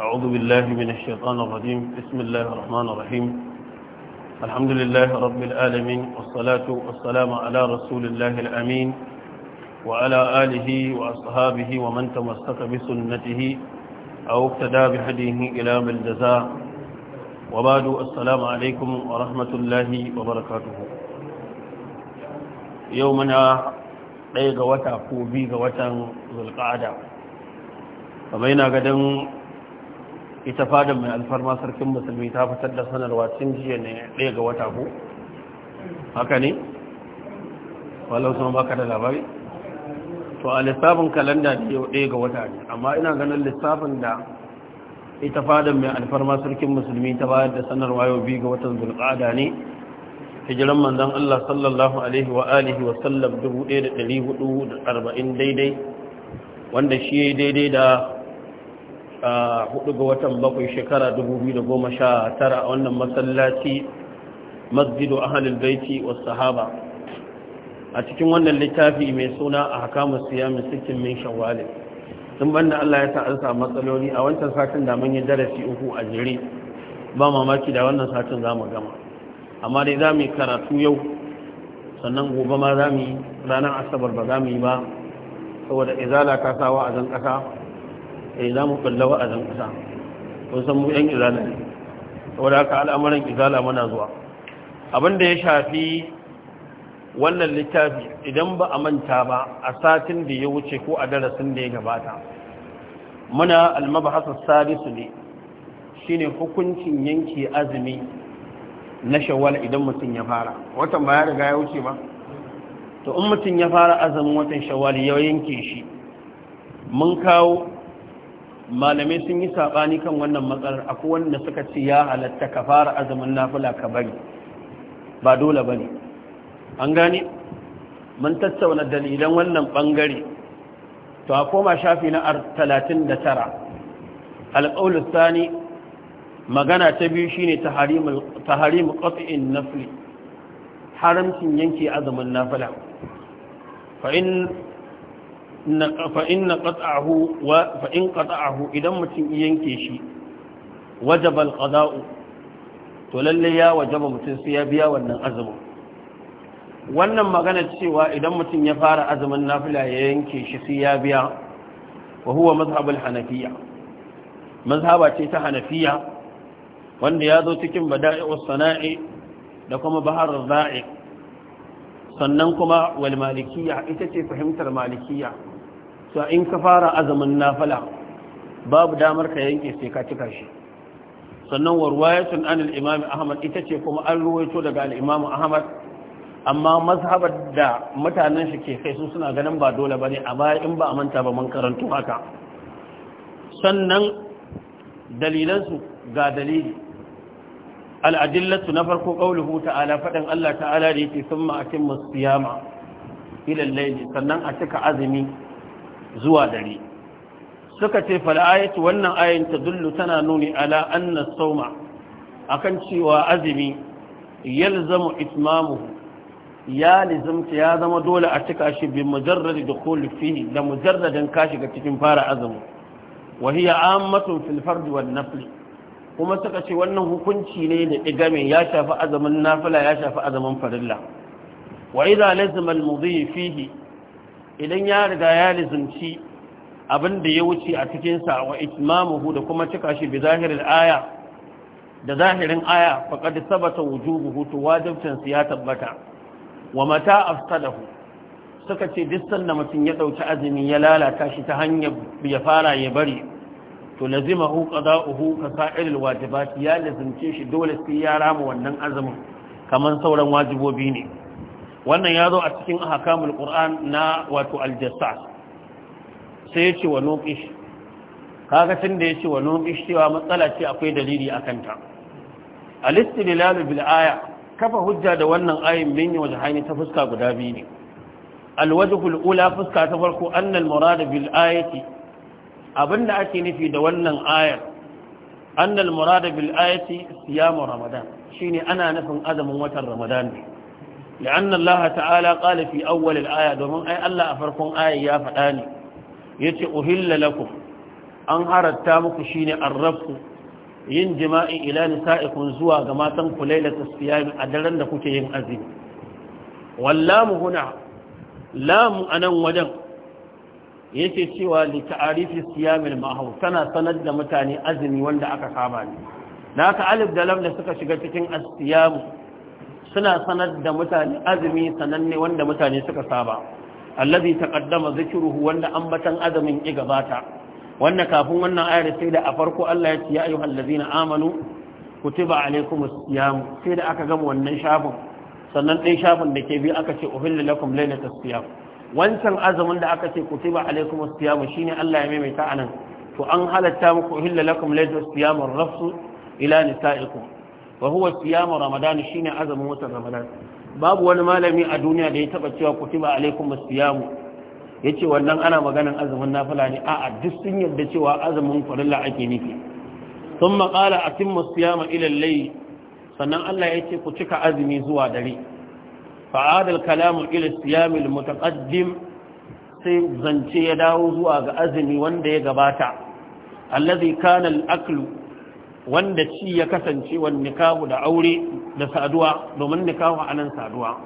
أعوذ بالله من الشيطان الرجيم بسم الله الرحمن الرحيم الحمد لله رب العالمين والصلاة والسلام على رسول الله الأمين وعلى آله وأصحابه ومن تمسك بسنته أو اقتدى بهديه إلى بالجزاء وبعد السلام عليكم ورحمة الله وبركاته يومنا ɗaya ga wata ko biyu ga watan zulƙa'ada kamar yana gadon ita fadar mai alfarma sarkin musulmi ta fitar da sanarwa cin jiya ne ɗaya ga wata ku haka ne walau sun baka da labari to a lissafin kalanda ne yau ɗaya ga wata ne amma ina ganin lissafin da ita fadar mai alfarma sarkin musulmi ta bayar da sanarwa yau biyu ga watan zulƙada ne hijiran manzan Allah sallallahu alaihi wa alihi wa sallam 1440 daidai wanda shi daidai da a hudu ga watan bakwai shekara goma sha tara, a wannan masallaci masjidu ahalul baiti wa sahaba a cikin wannan littafi mai suna a hakamu mai sikin min shawali. tun banda Allah ya sa an matsaloli a wancan satin da mun darasi uku a jere ba mamaki da wannan satin za mu gama amma dai za mu yi karatu yau sannan gobe ma za mu yi ranar asabar ba za mu yi ba saboda izala ta a zan kasa eh za mu kulla wa'azin kusa kun san mu yan izala ne saboda haka al'amuran izala muna zuwa abin da ya shafi wannan littafi idan ba a manta ba a satin da ya wuce ko a darasin da ya gabata muna almabahasa sadisu ne shine hukuncin yanke azumi na shawwal idan mutum ya fara watan ba ya riga ya wuce ba to in mutum ya fara azumin watan shawwal ya yanke shi mun kawo malamai sun yi saɓani kan wannan matsalar a kowanne suka ce ya halatta ka fara azumin nafula ka bari ba dole ba ne an gane mun tattauna dalilan wannan ɓangare to a koma shafi na talatin 39 alƙaunar sani magana ta biyu shine ta harimu ƙafi'in nafili haramcin yanke azumin nafila fa'in فإن قطعه فإن قطعه إذا متن ينكي شيء وجب القضاء تولي يا وجب متن سيابيا وأن أزم wannan magana cewa idan mutum ya fara azumin nafila ya yanke shi sai ya biya wa huwa mazhabul hanafiya mazhaba ce ta hanafiya wanda ya zo cikin bada'i'us sana'i da kuma baharul za'i sannan kuma wal malikiya ita ce fahimtar malikiya to in ka fara azumin nafila babu damar ka yanke sai ka cika shi sannan warwayatun an al-imam ahmad ita ce kuma an ruwaito daga al-imam ahmad amma mazhabar da mutanen shi ke kai su suna ganin ba dole bane a baya in ba a manta ba mun karanto haka sannan dalilansu ga dalili al'adillatu na farko ƙaunuhu ta'ala faɗin Allah ta'ala da yake sun ma'akin masu yama ilallaili sannan a cika azumi zuwa dare suka ce fal'ayatu wannan ayin ta tana nuni ala anna sauma akan cewa azumi yalzamu itmamuhu ya lizamta ya zama dole a cika shi bi mujarrad dukhul fihi da mujarradin ka shiga cikin fara azumi wa hiya ammatun fil fard wan nafl kuma suka ce wannan hukunci ne da digame ya shafi azumin nafila ya shafi azumin farilla wa idza lazima al mudhi fihi idan ya riga ya lizumci abin da ya wuce a cikinsa wa itmamuhu da kuma cika shi bi zahirin aya da zahirin aya faqad sabata wujubuhu to wajibcin ya tabbata wa mata afsadahu suka ce duk sanda mutum ya dauki azumi ya lalata shi ta hanyar ya fara ya bari to lazimahu qada'uhu ka sa'iril wajibat ya lazimce shi dole sai ya rama wannan azumin kaman sauran wajibobi ne wannan ya zo a cikin ahkamul qur'an na wato aljassas sai ya ce wa nuqish kaga tun da ya ce wa nuqish cewa matsala ce akwai dalili a kanta. A istidlal bil aya kafa hujja da wannan ayin min jihani ta fuska guda biyu ne al ula fuska ta farko annal murada bil ayati abinda ake nufi da wannan ayar annal murada murad bil ayati ramadan shine ana nufin azumin watan ramadan ne لأن الله تعالى قال في أول الآية دومن أي الله أفركم آية يا فداني يتي أهل لكم أن هرتا muku shine arrabku yin jima'i ila nisa'ikum zuwa ga matan ku lailatul siyam a daren da kuke yin azumi wallamu huna lam anan wajen yace cewa li ta'arifi siyamil mahau tana sanar da mutane azumi wanda aka saba ne naka alif da lam da suka shiga cikin as suna sanar da mutane azumi sananne wanda mutane suka saba allazi taqaddama zikruhu wanda ambatan azumin ki gabata wanda kafin wannan ayar sai da a farko Allah ya ce ya ayyuhal ladina amanu kutiba alaykumus siyam sai da aka gama wannan shafin sannan ɗin shafin da ke bi aka ce uhillu lakum laylatus siyam wancan azumin da aka ce kutiba alaykumus siyam shine Allah ya maimaita anan to an halatta muku uhillu lakum laylatus siyam rafsu ila nisaikum wa huwa siyamu ramadan shine azumin watan ramadan babu wani malami a duniya da ya taba cewa kutiba alaikum siyamu yace wannan ana maganan azumin nafila ne a'a duk sun yarda cewa azumin farilla ake nufi thumma qala atimmu siyama ila al-layl sannan Allah yace ku cika azumi zuwa dare fa'ada adal kalamu ila siyami al-mutaqaddim sai zance ya dawo zuwa ga azumi wanda ya gabata allazi kana al-aklu wanda ci ya kasance wa nikahu da aure da saduwa domin nikahu anan saduwa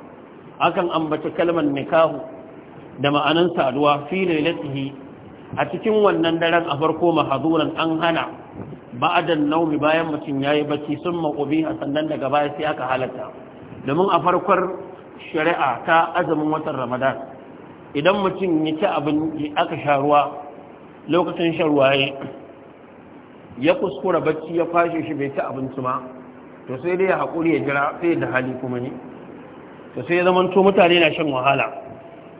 akan ambaci kalmar nikahu da ma'anan saduwa fi lailatihi a cikin wannan daren a farko mahazuran an hana ba'adan naumi bayan mutum yayi bacci sun maqubi a sannan daga baya sai aka halatta domin a farkon shari'a ta azumin watan Ramadan idan mutum ya ci abin aka sha ruwa lokacin shan ya kuskura bacci ya kwashe shi bai ci abinci ma to sai dai ya haƙuri ya jira sai da hali kuma ne to sai ya zamanto mutane na shan wahala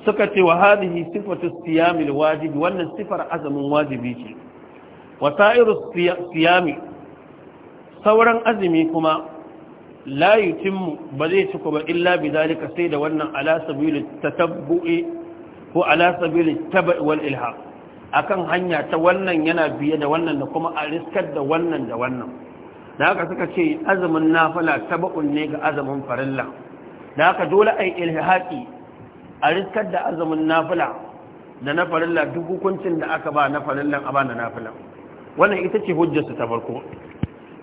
suka ce wa hadhihi sifatu siyamil wajibi wannan sifar azumin wajibi ce wa siyami sauran azumi kuma la yutimmu ba zai ci ba illa bi zalika sai da wannan ala ta tatabbu'i ko ala sabili tab'i wal ilhaq akan hanya ta wannan yana biye da wannan da kuma a riskar da wannan da wannan da haka suka ce azumin nafila tabaun ne ga azumin farilla da haka dole a yi ilhaki a riskar da azumin nafila da na farilla duk hukuncin da aka ba na farillan a ba na nafila wannan ita ce hujjarsu ta farko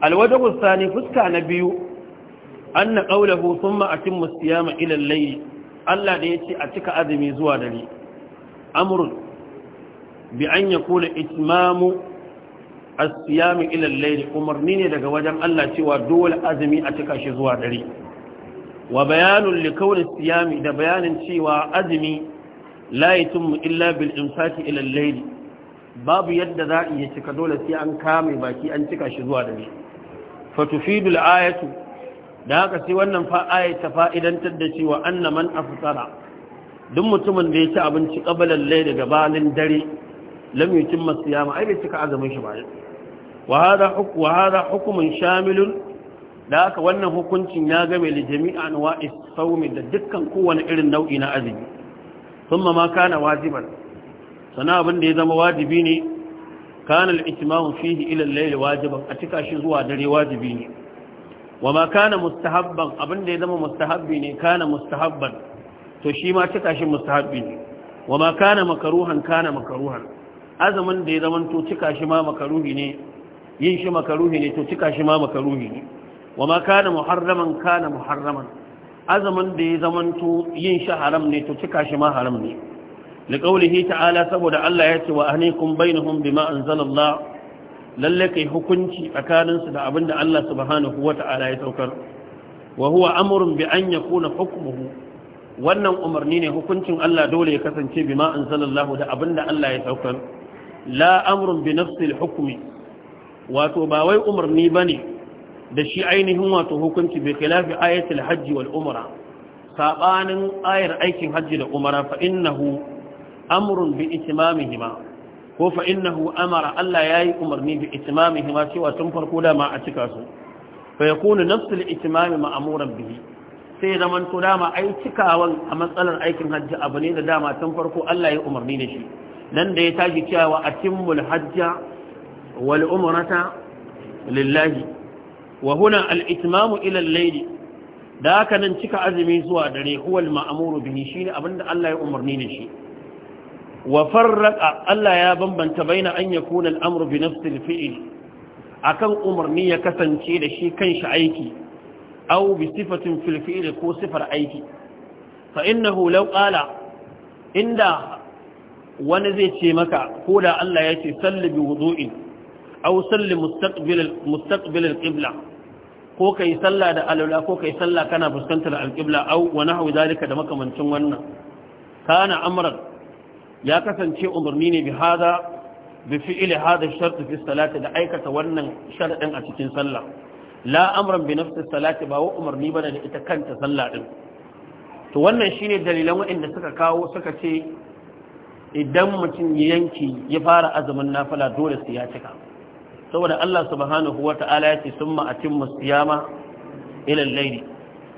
alwada sani fuska na biyu anna qawluhu thumma atimmu siyama ila al-layl Allah da ya ce a cika azumi zuwa dare amrun bi an yakuna itmamu as-siyam ila umarni ne daga wajen Allah cewa dole azumi a cika shi zuwa dare wa bayanun li siyami da bayanin cewa azumi la mu illa bil imsaki ila babu yadda za a iya cika dole sai an kame baki an cika shi zuwa dare fa ayatu da haka sai wannan fa ayat ta fa'idantar da cewa anna a afsara duk mutumin da ya ci abinci kabalan lai daga balin dare lam yutimma siyama ai bai cika azumin shi ba wa hada shamilun da aka wannan hukuncin ya game da jami'a anwa'i sawmi da dukkan kowane irin nau'i na azumi thumma ma kana wajiban sana abin da ya zama wajibi ne kana al-itmam fihi ila al-layl wajiban a cika shi zuwa dare wajibi ne wa ma abin da ya zama mustahabbi ne kana mustahabban to shi ma ne wa ma kana makaruhan kana makaruhan azumin da ya zama to cika shi ma makaruhi ne yin shi makaruhi ne to cika shi ma makaruhi ne wa ma kana muharraman kana muharraman azumin da ya zama to yin shi haram ne to cika shi ma haram ne liqaulihi ta'ala saboda Allah ya ce wa ahnikum bainahum bima anzalallah lalle kai hukunci tsakanin su da abinda Allah subhanahu wata'ala ya saukar wa huwa amrun bi an yakuna hukmuhu wannan umarni ne hukuncin Allah dole ya kasance bima anzalallahu da abinda Allah ya saukar la amrun bi hukumi wato ba wai umarni bane da shi ainihin wato hukunci bi khilafi ayatul hajji wal umara. saɓanin ayar aikin hajji da umara fa innahu amrun bi ko fa amara Allah yayi umarni bi itmamihima cewa tun farko da ma a cika su fa yakunu nafsul itimami ma'amuran bihi sai zaman to dama yi cikawan a matsalar aikin hajji abu ne da dama tun farko Allah ya umarni da shi dan da ya tashi cewa atimmul hajja wal umrata lillahi wa huna al itmamu ila al layl da haka nan cika azumi zuwa dare huwal ma'muru bihi shine abinda Allah ya umarni da shi wa farraqa Allah ya bambanta baina an yakuna al amru bi nafsi al fi'l akan umarni ya kasance da shi kanshi aiki aw bi sifatin fil fi'l ko sifar aiki fa innahu law qala inda wani zai ce maka ko da Allah ya ce salli bi wudu'in aw salli mustaqbil al-qibla ko kai sallah da alula ko kai salla kana fuskantar al-qibla aw wa nahwu zalika da makamancin wannan kana amran ya kasance umarni ne bi hada bi fi'li hada shart fi salati da aikata wannan sharadin a cikin sallah la amran bi nafsi salati ba wa umarni bane da ita kanta sallah din to wannan shine dalilan waɗanda suka kawo suka ce idan mutum ya yanki ya fara azumin nafila dole su ya cika saboda Allah subhanahu Ta'ala ya ce summa atimmu siyama ila al-layl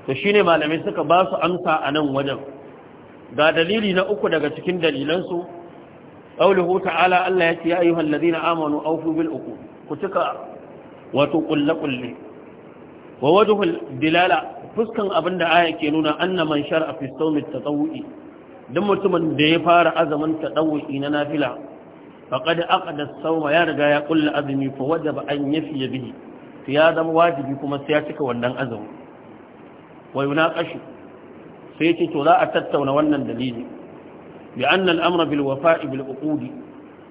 to shine malamai suka ba su amsa a nan wajen ga dalili na uku daga cikin dalilansu, su ta'ala Allah ya ce ya ayyuhal ladina amanu awfu bil uku, ku cika wato kullu kullu wa wajen dilala fuskan da aya ke nuna annaman shar'a fi sawmi at-tatawwu'i duk mutumin da ya fara azumin tadawwi na nafila faqad aqada da sauma ya riga ya kulla azumi fa ba an fiye bihi to ya zama wajibi kuma sai ya cika wannan azumi wa yunaqashu sai ce to za a tattauna wannan dalili bi anna al-amra bil wafa'i bil uqudi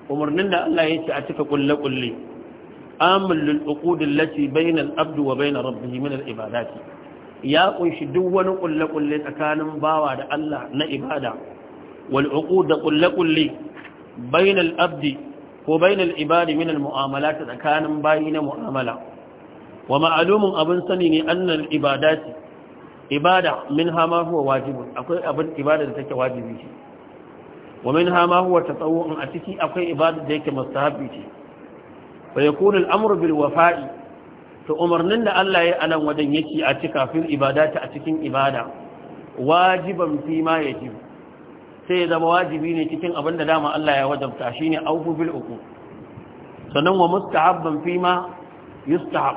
umarnin da Allah ya ce a cika kulle kulle amul lil uqud allati bayna al wa bayna rabbi, min al ya kunshi duk wani kulle-kulle tsakanin bawa da Allah na ibada wal'uku da kulle-kulle bainal abdi ko bainal ibadi min mu'amala ta tsakanin bayi na mu'amala wa ma'lumun abin sani ne annan ibada ce. ibada min hama huwa wajibun akwai abin ibada da take wajibi ce wa min hama huwa tatawwu'un a ciki akwai ibada da yake masu mustahabi ce fa yakunu al amru bil wafa'i to umarnin da Allah ya anan wajen yake a cika fil ibadata a cikin ibada wajiban fi ma ji sai ya zama wajibi ne cikin abin da dama Allah ya wajabta shine auku bil uku sannan wa mustahabban fi ma yustahab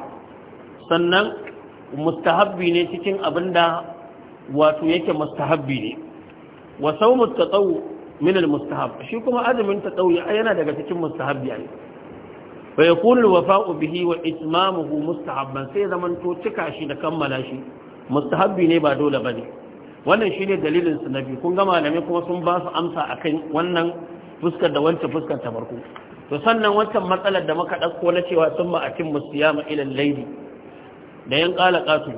sannan mustahabbi ne cikin abin da wato yake mustahabbi ne wa sawmut tatawu min al mustahab shi kuma azumin tatawu yana daga cikin mustahabbi ne fa yakunu alwafa'u bihi wa itmamuhu mustahabban sai zaman to cika shi da kammala shi mustahabbi ne ba dole bane wannan shine dalilin su nabi kun ga malamai kuma sun ba su amsa akan wannan fuskar da wancan fuskar ta farko to sannan wancan matsalar da muka dauko na cewa sun ma atin musiyama ila laili da yan kala kasu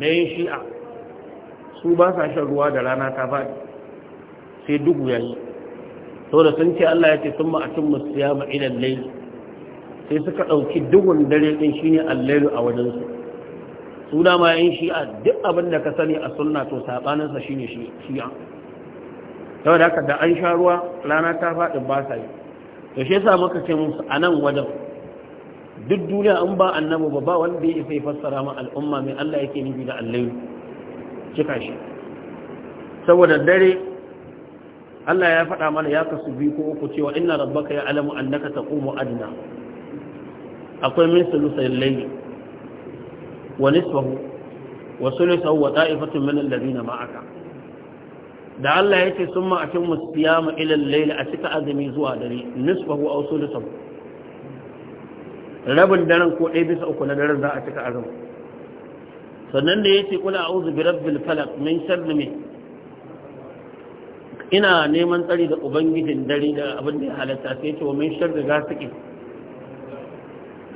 da yan shi'a su ba sa shan ruwa da rana ta faɗi sai duhu yayi da sun ce Allah ya ce sun ma atin musiyama ila laili sai suka ɗauki duhun dare ɗin shine allailu a wajensu suna ma yin shi'a duk abin da ka sani a sunna to saɓaninsa shine shi'a yau da haka da an sha ruwa rana ta faɗi ba sa yi to shi sa muka ce musu a nan wajen duk duniya an ba annabi ba ba wanda ya isa fassara ma al'umma mai Allah yake nufi da allailu cika shi saboda dare Allah ya faɗa mana ya kasu biyu ko uku cewa inna rabbaka ya alamu annaka taqumu adna akwai min sulusai laili wa nisfahu wa sulusahu wa ta'ifatun min alladhina ma'aka da Allah ya ce sun atimmu siyama ila al-layl a cika azumi zuwa dare nisfahu aw sulusahu rabin daren ko ɗaya bisa uku na daren za a cika azumi sannan da yace kula a'udhu bi rabbil falaq min sharri min ina neman tsari da ubangijin dare da abin da ya halatta sai ce wa min sharri ghasiqin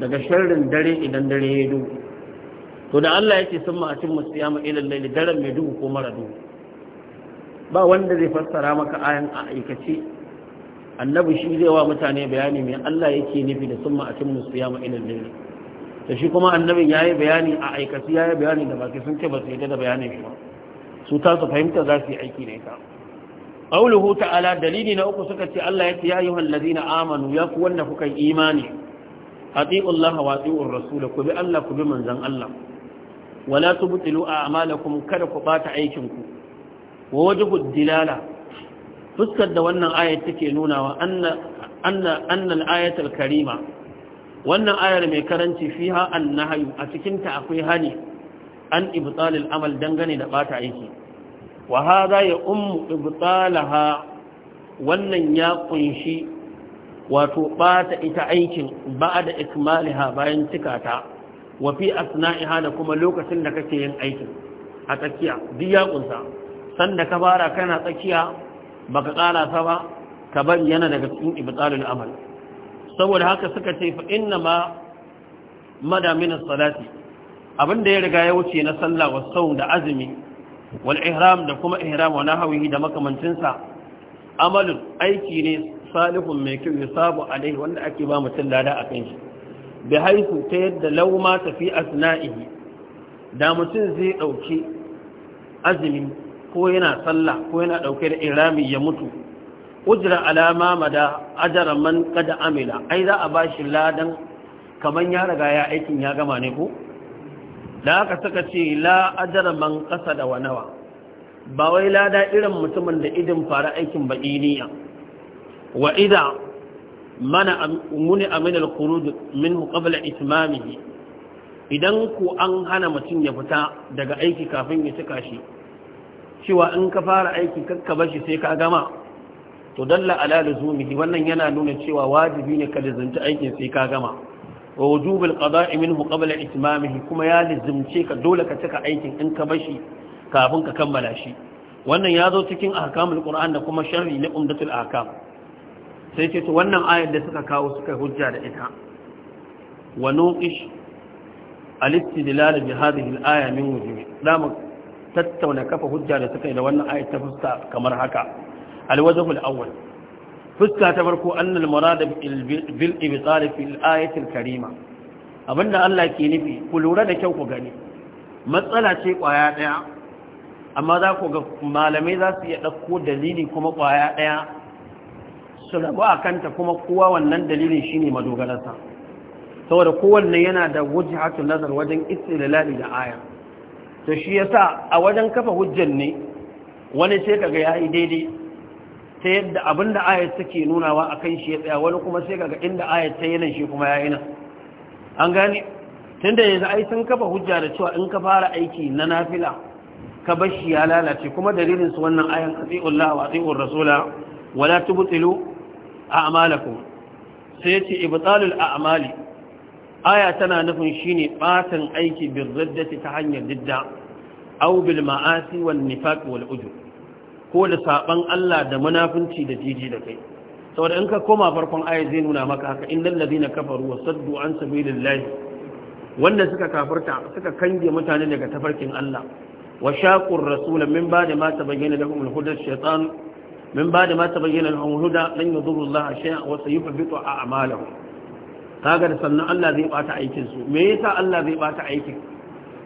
daga sharrin dare idan dare ya duhu to da Allah yake sun ma'acin musiyama ilal laili daren mai duhu ko mara duhu ba wanda zai fassara maka ayan a aikace annabi shi zai wa mutane bayani mai Allah yake nufi da sun ma'acin musiyama ilal laili da shi kuma annabin yi bayani a aikace ya yi bayani da baki sun ce ba su yi da bayanin shi ba su ta su fahimta za su yi aiki da ita qawluhu ta'ala dalili na uku suka ce Allah ya ce ya ayyuhal ladina amanu ya ku wanda kuka imani ati'u Allah wa ati'ur rasul ku bi Allah ku bi manzon Allah wala tubtilu a'malakum kada ku bata aikin ku wa wajhu dilala fuskar da wannan ayat take nunawa anna anna karima wannan ayar mai karanci fiha an-nahyu a cikin ta akwai hani an ibtal amal dangane da bata aiki wa za ya ummu ibtalaha wannan ya kunshi wato ɓata ita aikin ba da ikmaliha bayan cikata, ta wa fi asna'iha da kuma lokacin da kake yin aikin a tsakiya duk ya kunsa sanda ka fara kana tsakiya baka sa ba ka bari yana daga cikin ibtalul amal saboda haka suka ce fa inna ma madamin salati abinda ya riga ya wuce na sallah wa sawm da azumi wal ihram da kuma ihram wa nahwihi da makamancinsa amalun aiki ne salihun mai kyau yusabu alaihi wanda ake ba mutum lada a kan shi bi haihu ta yadda lauma tafi asna'ihi da mutum zai dauki azumi ko yana sallah ko yana dauke da irami ya mutu ujra alama mada ajara man kada amila ai za a ba shi ladan kamar ya riga ya aikin ya gama ne ko da aka saka ce la ajara man kasa da wanawa ba wai lada irin mutumin da idin fara aikin ba iniya wa idha mana muni amin al-khuruj minhu idan ku an hana mutum ya fita daga aiki kafin ya cika shi cewa in ka fara aiki kakka bashi sai ka gama to dalla ala lazumihi wannan yana nuna cewa wajibi ne ka lazumta aikin sai ka gama wa wujubul qada'i minhu qabla itmamihi kuma ya lazumce ka dole ka cika aikin in ka bashi kafin ka kammala shi wannan ya zo cikin ahkamul qur'an da kuma sharri na umdatul ahkam sai ce to wannan ayar da suka kawo suka hujja da ita wa nuqish al-istidlal bi hadhihi al-aya min wujhi mu tattauna kafa hujja da suka yi da wannan ayar ta fuska kamar haka al-wajh al-awwal fuska ta farko annal murad bil ibtal fi al al-karima abinda Allah ke nufi ku lura da kyau ku gani matsala ce kwaya daya amma za ku ga malamai za su iya ɗauko dalili kuma kwaya ɗaya su rabu a kanta kuma kowa wannan dalilin shine madogararsa saboda kowanne yana da hatun nazar wajen istilali da aya to shi ya sa a wajen kafa hujjar ne wani sai kaga yi daidai ta yadda da aya suke nunawa kan shi ya tsaya wani kuma sai kaga inda aya ta yana shi kuma ya yi nan an gane tunda yanzu ai sun kafa hujja da cewa in ka fara aiki na nafila ka bashi ya lalace kuma dalilin su wannan ayan atiullah wa atiur rasula wala tubtilu a'malakum sai yace ibtalul a'mali aya tana nufin shine batan aiki bir riddati ta hanyar didda aw bil ma'asi wan nifaq wal ujub ko da saban Allah da munafunci da jiji da kai saboda in ka koma farkon aya zai nuna maka haka innal ladina kafaru wa saddu an sabilillahi wanda suka kafirta suka kange mutane daga tafarkin Allah wa shaqur rasul min ba'di ma tabayyana lahum al-huda shaytan min ba da ma ta bayyana lahum huda lan yadurru Allah shay'a wa da sannan Allah zai bata aikin su me yasa Allah zai bata aikin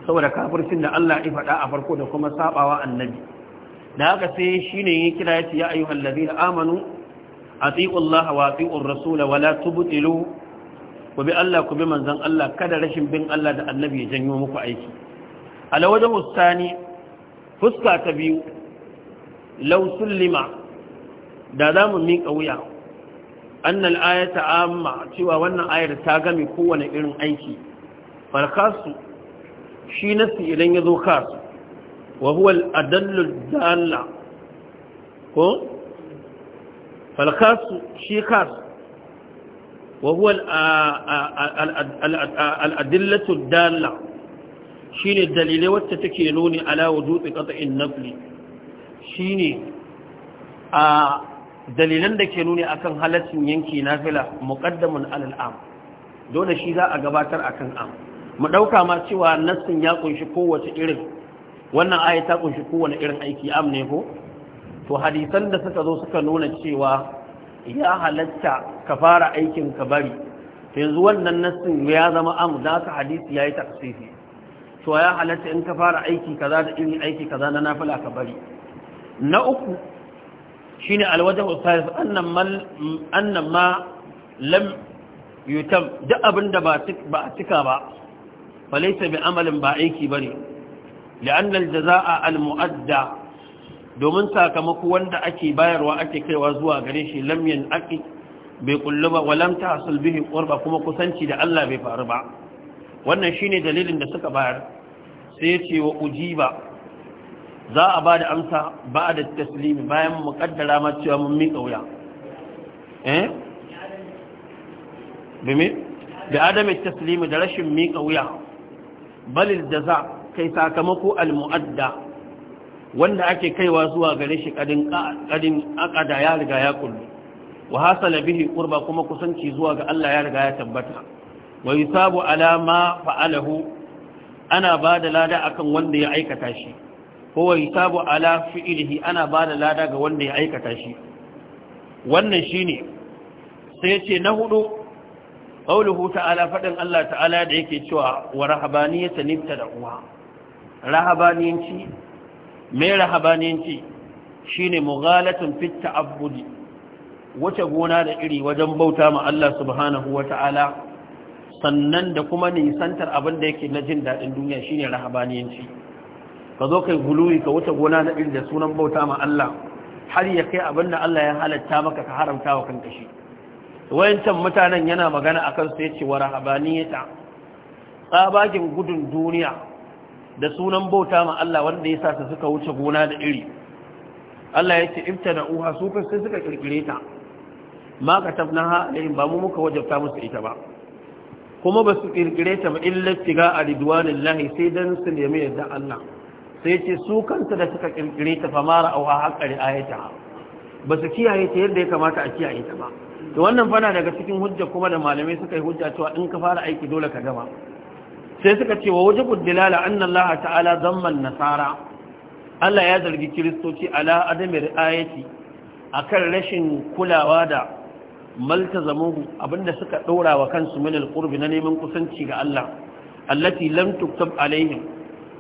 saboda kafircin da Allah ya faɗa a farko da kuma sabawa annabi da haka sai shine ya kira ya ya ayyuhal ladina amanu atiqu Allah wa atiqu rasul wa la tubtilu ku bi Allah ku bi manzon Allah kada rashin bin Allah da annabi ya janyo muku aiki ala wajen ustani fuska ta biyu law sullima da za mu miƙa wuya annal ayata amma cewa wannan ayar ta game kowane irin aiki falkasu shi nasu idan ya zo kasu wa huwa al'adallu dalla ko falkasu shi kasu wa huwa al'adillatu dalla shi ne dalilai wacce take nuni ala wujudu ƙasa'in nafli shi ne a dalilan da ke nuni akan halaccin yanki nafila muqaddamun alal am dole shi za a gabatar akan am mu ɗauka ma cewa nassin ya ƙunshi kowace irin wannan aya ta ƙunshi kowane irin aiki am ne ko to hadisan da suka zo suka nuna cewa ya halatta ka fara aikin ka bari yanzu wannan nassin ya zama am da ka hadisi ya yayi tafsiri to ya halatta in ka fara aiki kaza da irin aiki kaza na nafila ka bari na uku shine ne salif annan mal annan ma lam yutam duk abinda ba a cika ba falaysa bi amalin ba aiki da li'anna aljazaa almu'adda domin sakamako wanda ake bayarwa ake kaiwa zuwa gare shi lamyan ake bai kullu ba walam tahsul bihi qurba kuma kusanci da Allah bai faru ba wannan shine dalilin da suka bayar sai ya ce wa ujiba za a ba da amsa ba da taslimi bayan kaddara ma cewa mun miƙa wuya eh bime da adamin taslimi da rashin miƙa wuya balil da za kai sakamako al-mu'adda wanda ake kaiwa zuwa gare shi kadin kadin akada ya riga ya kullu wa hasala bihi qurba kuma kusanci zuwa ga Allah ya riga ya tabbata wa yusabu ala ma fa'alahu ana bada lada akan wanda ya aikata shi Ko wa yusabu ala fi'lihi ana ba da lada ga wanda ya aikata shi wannan shine sai ce na hudu qauluhu ta'ala fadin Allah ta'ala da yake cewa wa rahabaniyatan uwa. rahabaniyanci mai rahabaniyanci shine mughalatun fi ta'abbudi wace gona da iri wajen bauta ma Allah subhanahu wata'ala sannan da kuma nisantar abin da yake na jin daɗin duniya shine rahabaniyanci ka zo kai guluwi ka wuce gona na irin da sunan bauta ma Allah har ya kai abin da Allah ya halatta maka ka haramta wa kanka shi wayancan mutanen yana magana akan su yace wa rahabaniyata tsabakin gudun duniya da sunan bauta ma Allah wanda ya sa su suka wuce gona da iri Allah yace ibtada uha su ka sai suka kirkire ta ma katabnaha alaihim ba mu muka wajabta musu ita ba kuma ba su kirkire ta ba illa tiga a ridwanillahi sai dan su nemi yadda Allah sai ce su kansa da suka kirkire ta famara au a haƙari ayata ba su kiyaye ta yadda ya kamata a kiyaye ta ba to wannan fana daga cikin hujja kuma da malamai suka yi hujja cewa in ka fara aiki dole ka gama sai suka ce wa wajibud dilala anna ta'ala zamman nasara Allah ya zargi kiristoci ala adami a akan rashin kulawa da maltazamuhu abinda suka ɗora wa kansu minal ƙurbi na neman kusanci ga Allah allati lam tuktab alaihim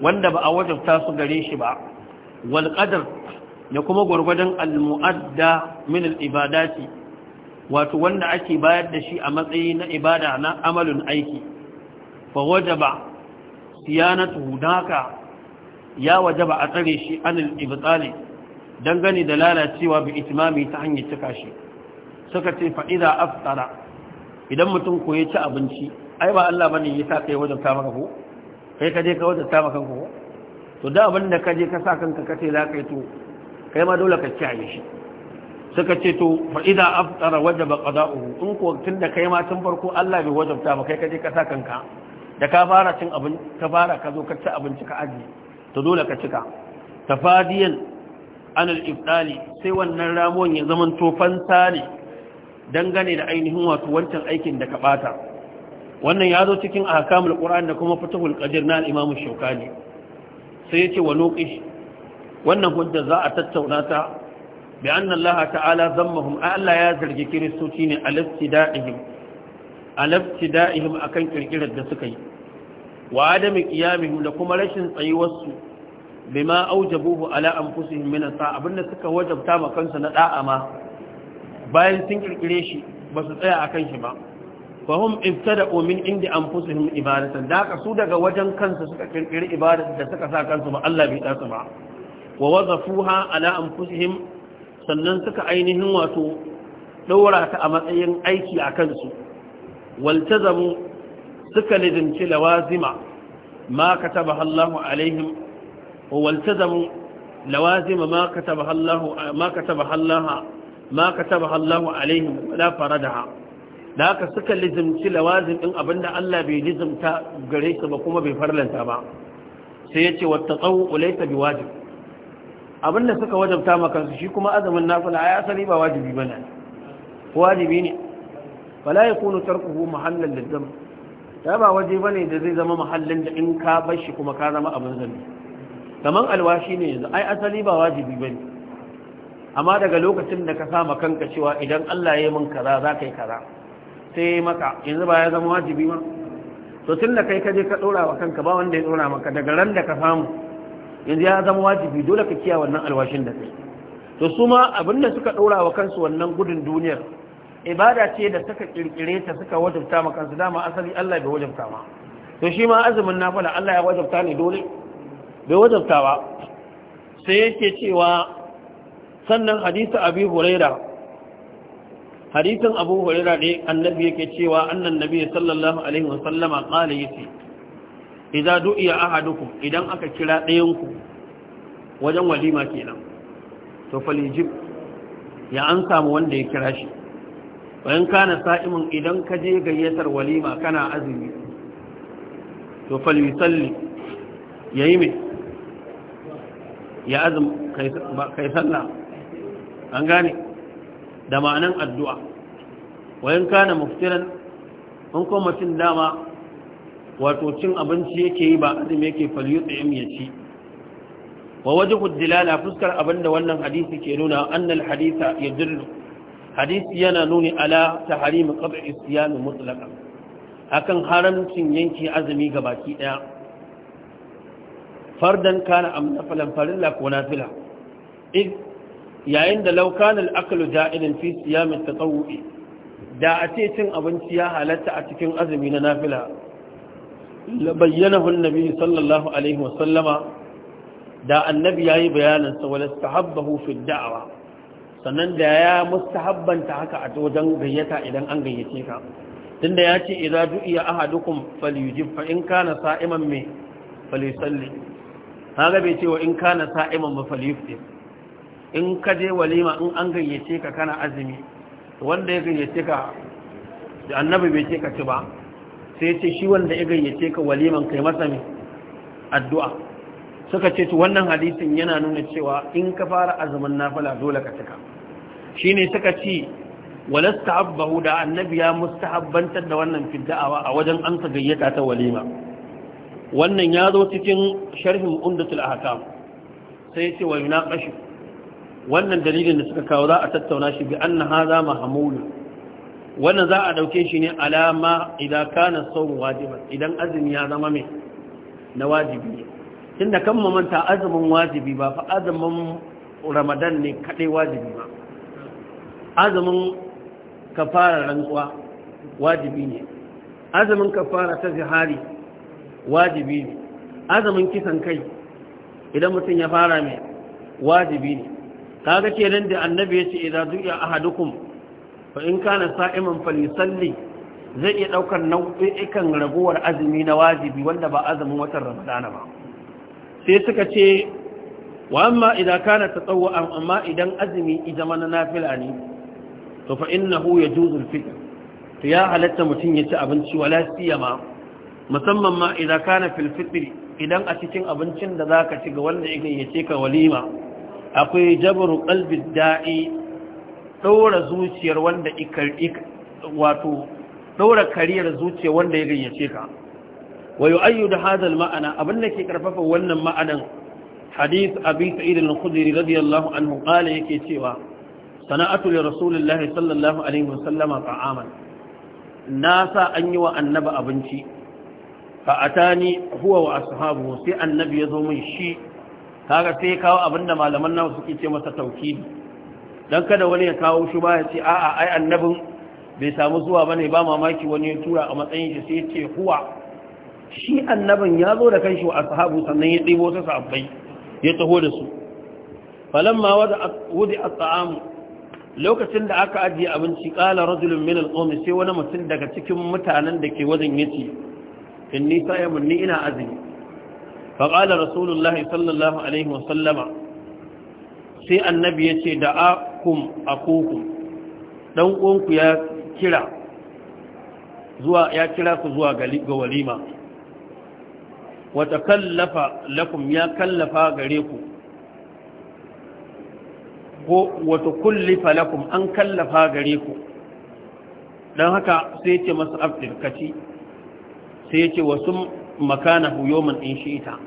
wanda ba a wajabta su gare shi ba wal qadar da kuma gurgurdan al muadda min al ibadati wato wanda ake bayar da shi a matsayi na ibada na amalin aiki fa wajaba siyanatu daka ya wajaba a tsare shi anil ibtali dangane da lalacewa bi itimami ta hanyar cika shi suka ce fa idza aftara idan mutum ko ya ci abinci ai ba Allah bane ya sa kai wajen ta maka ko kai ka je ka wata ta maka ko to da abin da ka je ka sa kanka kace za ka yi to kai ma dole ka kiyaye shi suka ce to fa idza aftara wajaba qada'uhu in ko da kai ma tun farko Allah bai wajabta ba kai ka je ka sa kanka da ka fara cin abin ka fara ka zo ka ci abinci ka aji to dole ka cika tafadiyan al ibdali sai wannan ramuwan ya zaman to ne dangane da ainihin wato wancan aikin da ka bata wannan ya zo cikin ahkamul qur'an da kuma fatuhul qadir na al-imam shaukani sai yace wa nuqish wannan hujja za a tattauna ta bi anna Allah ta'ala zammahum Allah ya zargi kiristoci ne alaftida'ihim alaftida'ihim akan kirkirar da suka yi wa adami qiyamihim da kuma rashin tsayuwar su bima aujabuhu ala anfusihim min sa abinda suka wajabta ma kansu na da'a ma bayan sun kirkire shi ba su tsaya akan shi ba fahim ibtada omin inda an fusuhin ibadatan da aka su daga wajen kansa suka kirkiri ibadatan da suka sa kansu ba Allah bai tasu ba wa wazafuha ala an fusuhin sannan suka ainihin wato ɗaura ta a matsayin aiki a kansu waltazamu suka lizinci lawazima ma ka kataba hallahu alaihim waltazamu lawazima ma lawazima ma ka Allah hallahu kataba Allah alaihim wala faradaha da haka suka lizimci lawazin din abinda Allah bai lizimta gare su ba kuma bai farlanta ba sai ya yace wata tsawo ulaita bi wajib abinda suka wajabta maka su shi kuma azumin nafila ai asali ba wajibi ba bane wajibi ne fala yakunu tarkuhu mahallan lidam da ba waje ba ne da zai zama muhallin da in ka bar shi kuma ka zama abin zabi Kamar alwashi ne yanzu ai asali ba wajibi ba ne. amma daga lokacin da ka sama kanka cewa idan Allah ya yi min kaza za ka yi kaza sai maka yanzu ba ya zama wajibi ma to tun da kai ka je ka dora wa kanka ba wanda ya dora maka daga ran da ka samu yanzu ya zama wajibi dole ka kiya wannan alwashin da kai to su ma abin da suka dora wa kansu wannan gudun duniyar ibada ce da suka kirkire ta suka wajabta ma kansu dama asali Allah bai wajabta ma to shi ma azumin nafila Allah ya wajabta ne dole bai wajabta ba sai yake cewa sannan hadisi abi hurairah hadisin abu hurira ne annabi yake cewa annan nabi sallallahu alaihi wasallama qala yake idan du'iya ahadukum idan aka kira ɗayan ku wajen walima kenan to falijib ya an samu wanda ya kira shi bayan kana sa'imin idan ka je gayyatar walima kana azumi to falisalli yayi me ya azum kai sallah an gane da ma'anan addu'a wayan kana muftiran in kuma mutum dama wato cin abinci yake yi ba azumi yake falyutsa im ya ci wa wajhu dilala fuskar abinda wannan hadisi ke nuna annal hadisa yadullu hadisi yana nuni ala Harimu, qat'i siyam mutlaqan akan haramcin yanki azumi ga baki ɗaya. fardan kana am nafilan farilla ko nafila yayin da laukanin akalu ja'irin fi siya mai tsawu'i da a ce cin abinci ya halatta a cikin azumi na nafila bayyanahun nabi sallallahu alaihi wasallama da annabi ya yi bayanansa wani stahabbahu fi da'awa sannan da ya mustahabbanta haka a wajen gayyata idan an gayyace ka tunda ya ce idza du'iya ahadukum falyujib fa in kana sa'iman me falyusalli kaga bai ce wa in kana sa'iman ba falyufṭir in ka je walima in an gayyace ka kana azumi wanda ya gayyace ka da annabi bai ce ka ci ba sai ce shi wanda ya gayyace ka waliman kai masa mai addu'a suka ce to wannan hadisin yana nuna cewa in ka fara azumin nafila dole ka cika shine suka ci walasta abbahu da annabi ya mustahabbantar da wannan fidda'awa a wajen an ka gayyata ta walima wannan ya zo cikin sharhin umdatul ahkam sai ce wa yunaqashu wannan dalilin da suka kawo za a tattauna shi bi anna hadha mahmul wannan za a ɗauke shi ne alama idan kana sawm wajiban idan azumi ya zama mai na wajibi ne. tunda kan mamanta azumin wajibi ba fa azumin ramadan ne kadai wajibi ba azumin ka fara rantsuwa wajibi ne azumin ka fara ta zihari wajibi ne azumin kisan kai idan mutum ya fara mai wajibi ne kaga kenan da annabi yace idza du'a ahadukum fa in kana sa'iman falyusalli zai iya daukar nau'ikan raguwar azumi na wajibi wanda ba azumin watan ramadana ba sai suka ce wa amma idza kana tatawwa amma idan azumi izama na nafila ne to fa innahu yajuzu al to ya halatta mutun yace abinci wala siyama musamman ma idza kana fil fitr idan a cikin abincin da zaka ci ga wanda yake yace ka walima akwai jabaru qalbid da'i daura zuciyar wanda ikar wato daura kariyar zuciyar wanda ya gayyace ka wa yu'ayyidu hadha al-ma'ana abin da ke karfafa wannan ma'anan hadith abi sa'id al-khudri radiyallahu anhu qala yake cewa sana'atu li rasulillahi sallallahu alaihi wa wasallama ta'aman nasa an yi wa Annabi abinci fa atani huwa wa ashabu sai annabi ya zo min shi kaga sai kawo abinda malaman nawa suke ce masa tauhidi dan kada wani ya kawo shi ba ya ce a'a ai annabin bai samu zuwa bane ba mamaki wani ya tura a matsayin shi sai ya ce huwa shi annabin ya zo da kanshi wa ashabu sannan ya tsibo ta sahabbai ya taho da su falamma wada wudi at'am lokacin da aka ajiye abinci qala rajulun min al-qawm sai wani mutum daga cikin mutanen da ke wajen yace inni sa'imun ni ina azumi faƙalar rasulullahi sallallahu alaihi wasallama sai annabi ya ce da a akukum ɗan uwanku ya kira ya kira ku zuwa ga walima wata kallafa lakum ya kallafa gare ku ko wata kullifa lakum an kallafa gare ku don haka sai ce masu afirkaci sai ce wasu makanahu huyomin in shi ita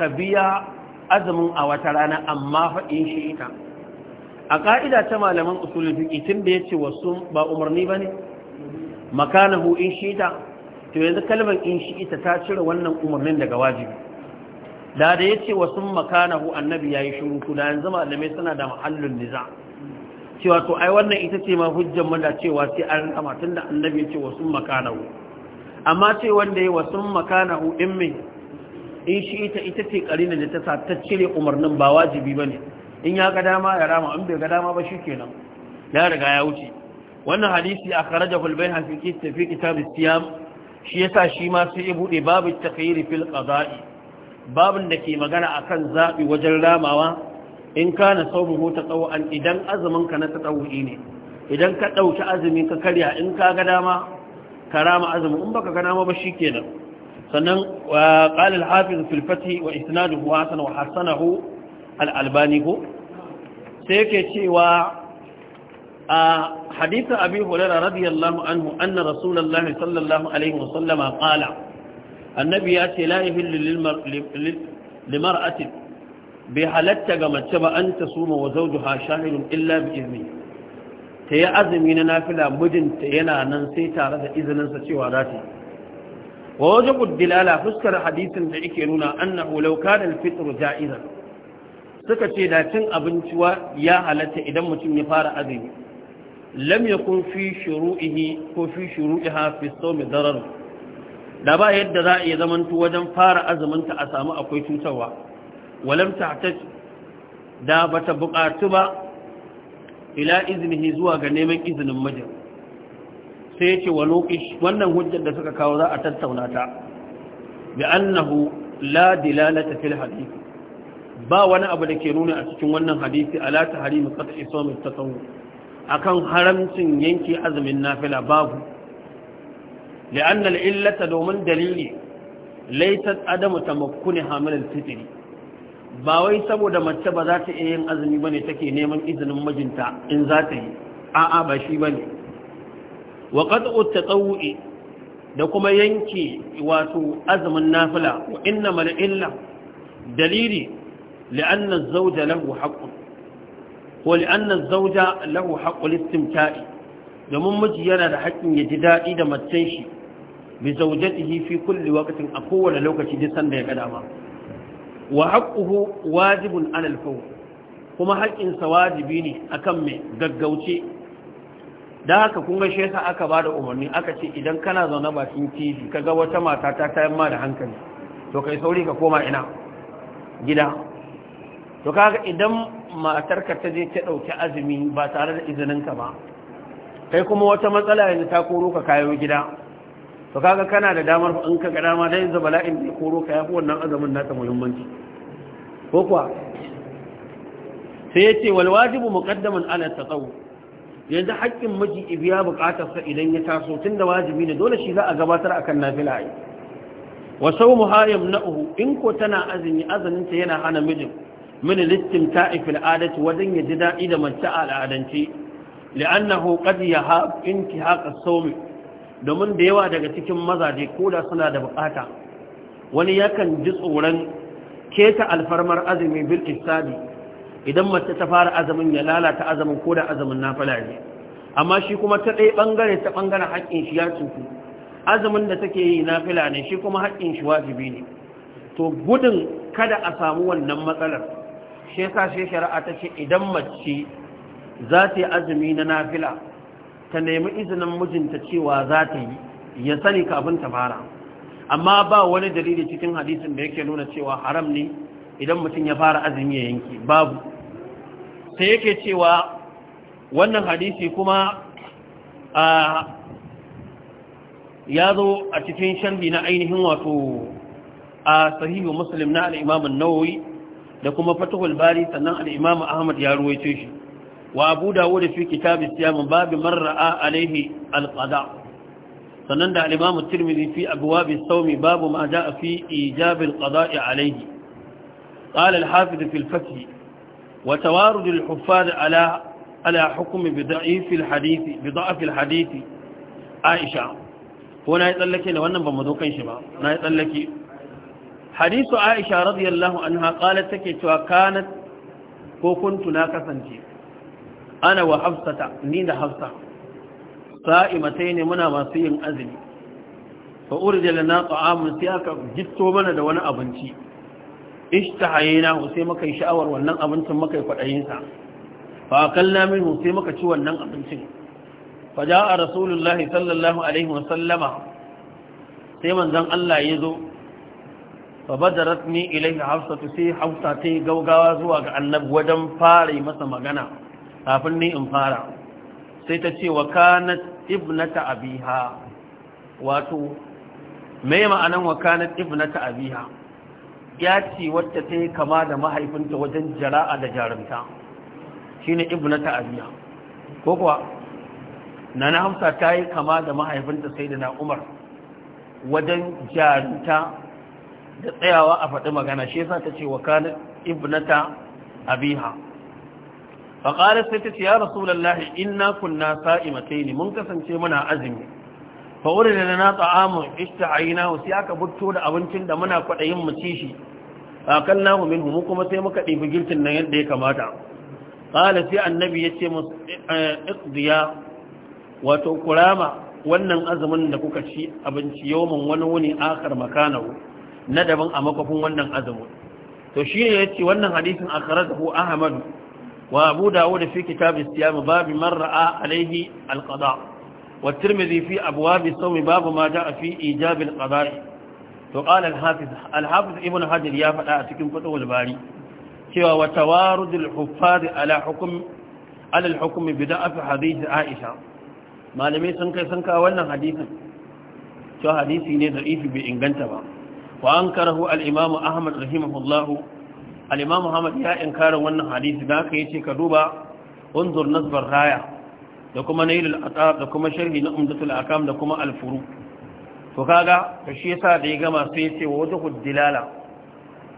ka biya azumin a wata rana amma faɗin shi ita a ƙa'ida ta malaman usulun fiƙi tun da ya ce wasu ba umarni ba ne makanahu in shi ita to yanzu kalmar in shi ita ta cire wannan umarnin daga wajibi da da ya ce wasu makanahu annabi ya yi shuru da yanzu malamai suna da mahallin niza cewa to ai wannan ita ce ma hujjan mada cewa sai an kama tun da annabi ya ce wasu makanahu amma ce wanda ya wasu makanahu in mai in shi ita ita ce karina da ta sa ta cire umarnin ba wajibi bane in ya ga dama ya rama in bai ga dama ba shikenan ya riga ya wuce wannan hadisi a kare da bayhaqi fi tafi kitab as-siyam shi yasa shi ma sai ya bude babu takhayyur fil qada'i babun da ke magana akan zabi wajen ramawa in kana sawmuhu tatawwan idan azumin ka na tatawwi ne idan ka ɗauki azumi ka karya in ka ga dama ka rama azumin in baka ga dama ba shi shikenan sannan qala hafiz Filfati wa Isnadu hasan wa hasanahu al ko sai yake cewa a hadithu abi hurairah radiyallahu anhu anna Rasulallah sallallahu alaihi wa sallama qala annabi ya ce laifin yahillu lil halatta ga mace ba an tasuma wa zawjuha shahidun illa bi izni ta yi azumi na nafila mijinta yana nan sai tare da izininsa cewa za ta yi wa wajibu dilala fuskar hadisin da yake nuna annahu law kana al Jaiza, ja'izan suka ce da cin abinci ya halatta idan mutum ya fara azumi lam yakun fi shuru'ihi ko fi shuru'iha fi da ba yadda za a iya zamanta wajen fara azuminta a samu akwai cutarwa walam ta'tat da bata buƙatu ba ila iznihi zuwa ga neman izinin majin sai ce wa lokish wannan hujjar da suka kawo za a tattauna ta bi annahu la dilalata fil hadith ba wani abu da ke nuna a cikin wannan hadisi ala tahrim qat'i sawm at akan haramcin yanke azumin nafila babu لأن domin dalili laysat Adamu tamakkuni hamil al-fitri ba wai saboda mace ba za ta iya yin azumi bane take neman izinin mijinta in za ta yi a'a ba shi bane wa qat'u at-tatawwu'i da kuma yanki wato azumin nafila wa inna mal illa dalili li'anna az-zawja lahu haqqun ko li'anna az-zawja lahu haqqul istimta'i domin miji yana da haƙƙin ya ji daɗi da macen shi bi zawjatihi fi kulli waqtin a kowane lokaci duk sanda ya kada ma wa haqquhu wajibun 'ala al-fawr kuma haƙƙinsa wajibi ne akan mai gaggauce da haka kun ga shi yasa aka ba da umarni aka ce idan kana zaune bakin ka ga wata mata ta tayan ma da hankali to kai sauri ka koma ina gida to kaga idan matarka ta je ta dauki azumi ba tare da izinin ka ba kai kuma wata matsala yanzu ta koro ka kayo gida to kaga kana da damar in ka ga dama dai zuba la'in da koro ka yafi wannan azumin nata muhimmanci ko kuwa sai yace wal wajibu muqaddaman ala tatawwu yanzu haƙƙin miji ibiya buƙatarsa idan ya taso tun da wajibi ne dole shi za a gabatar akan nafila ai wa sawmu hayam na'uhu in ko tana azumi azumin ta yana hana mijin min listim ta'ifil adati wajen ya ji daɗi da mace a al'adance li'annahu qad yahab intihaq haƙa sawm domin da yawa daga cikin mazaje ko da suna da buƙata wani yakan ji tsoron keta alfarmar azumi bil isadi idan mace ta fara azumin ya lalata azumin ko da azumin nafila ne amma shi kuma ta ɗaya ɓangare ta ɓangaren haƙƙin shi ya cutu azumin da take yi nafila ne shi kuma haƙƙin shi wajibi ne to gudun kada a samu wannan matsalar shi yasa shi shari'a ta ce idan mace za ta yi azumi na nafila ta nemi izinin mijinta cewa za ta yi ya sani kafin ta fara amma ba wani dalili cikin hadisin da yake nuna cewa haram ne idan mutum ya fara azumi ya yanki babu sai yake cewa wannan hadisi kuma a ya zo a cikin sharhi na ainihin wato a sahihu muslim na al-imam da kuma fatuhul bari sannan al ahmad ya ruwaito shi wa abu dawud fi kitab as babu bab man ra'a al sannan da al-imam at-tirmidhi fi abwab as-sawm babu ma jaa fi ijabin al alaihi قال الحافظ في الفتح وتوارد الحفاظ على على حكم بضعيف الحديث بضعف الحديث عائشة هنا يتلك لوانا بمدوك شبا نا يتلك حديث عائشة رضي الله عنها قالت تكيت وكانت وكنت ناكسا أنا وحفصة نين حفصة صائمتين منا مصير أزلي فأرد لنا طعام سياك جدت ومنا دون أبنشي ishtahayna sai muka yi sha'awar wannan abincin muka yi kwadayin sa fa akalna minhu sai muka ci wannan abincin fa jaa rasulullahi sallallahu alaihi wa sallama sai manzon Allah ya zo fa badarat ni ilaihi hafsatu sai hafsa ta gaugawa zuwa ga annabi wajen fara masa magana kafin ni in fara sai ta ce wa kanat ibnata abiha wato me ma'anan wa kanat ibnata abiha ya ce wadda ta yi kama da mahaifinta wajen jara'a da jarumta shi ne ibu na ta'abiya ko kuwa na na hamsa ta yi kama da mahaifinta sai da na umar wajen jarumta da tsayawa a faɗi magana shi sa ta ce wa kanin ibu na ta'abiha faƙarar sai ta ce ya in na kunna sa'imatai ne mun kasance muna azumi fa'uri da na ta'amun ishta a yi nahu sai aka butto da abincin da muna kwaɗayin mu ci shi namu min mu kuma sai muka ɗibi girkin nan yadda ya kamata qala sai annabi yace musu iqdiya wato kurama wannan azumin da kuka ci abinci yawman wani wuni akar makanahu na daban a makafin wannan azumin to shine yace wannan hadisin akhrajahu ahmad wa abu dawud fi kitab as mu bab marra'a a alayhi al wa tirmidhi fi abwab babu sawm bab ma ja'a fi ijab al to qala al-hafiz al-hafiz ibn hajar ya faɗa a cikin fatawul bari cewa wa tawarudul huffaz ala hukm ala al-hukm bida'af hadith aisha malamai sun kai sun kawo wannan hadisin hadisi ne da ifi bai inganta ba wa ankarahu al-imam ahmad rahimahullahu al-imam ahmad ya inkara wannan hadisi da aka yace ka duba unzur nazbar raya da kuma nailul atab da kuma sharhi na umdatul akam da kuma al-furu' to kaga to shi yasa da ya gama sai ya ce wa wajhu dilala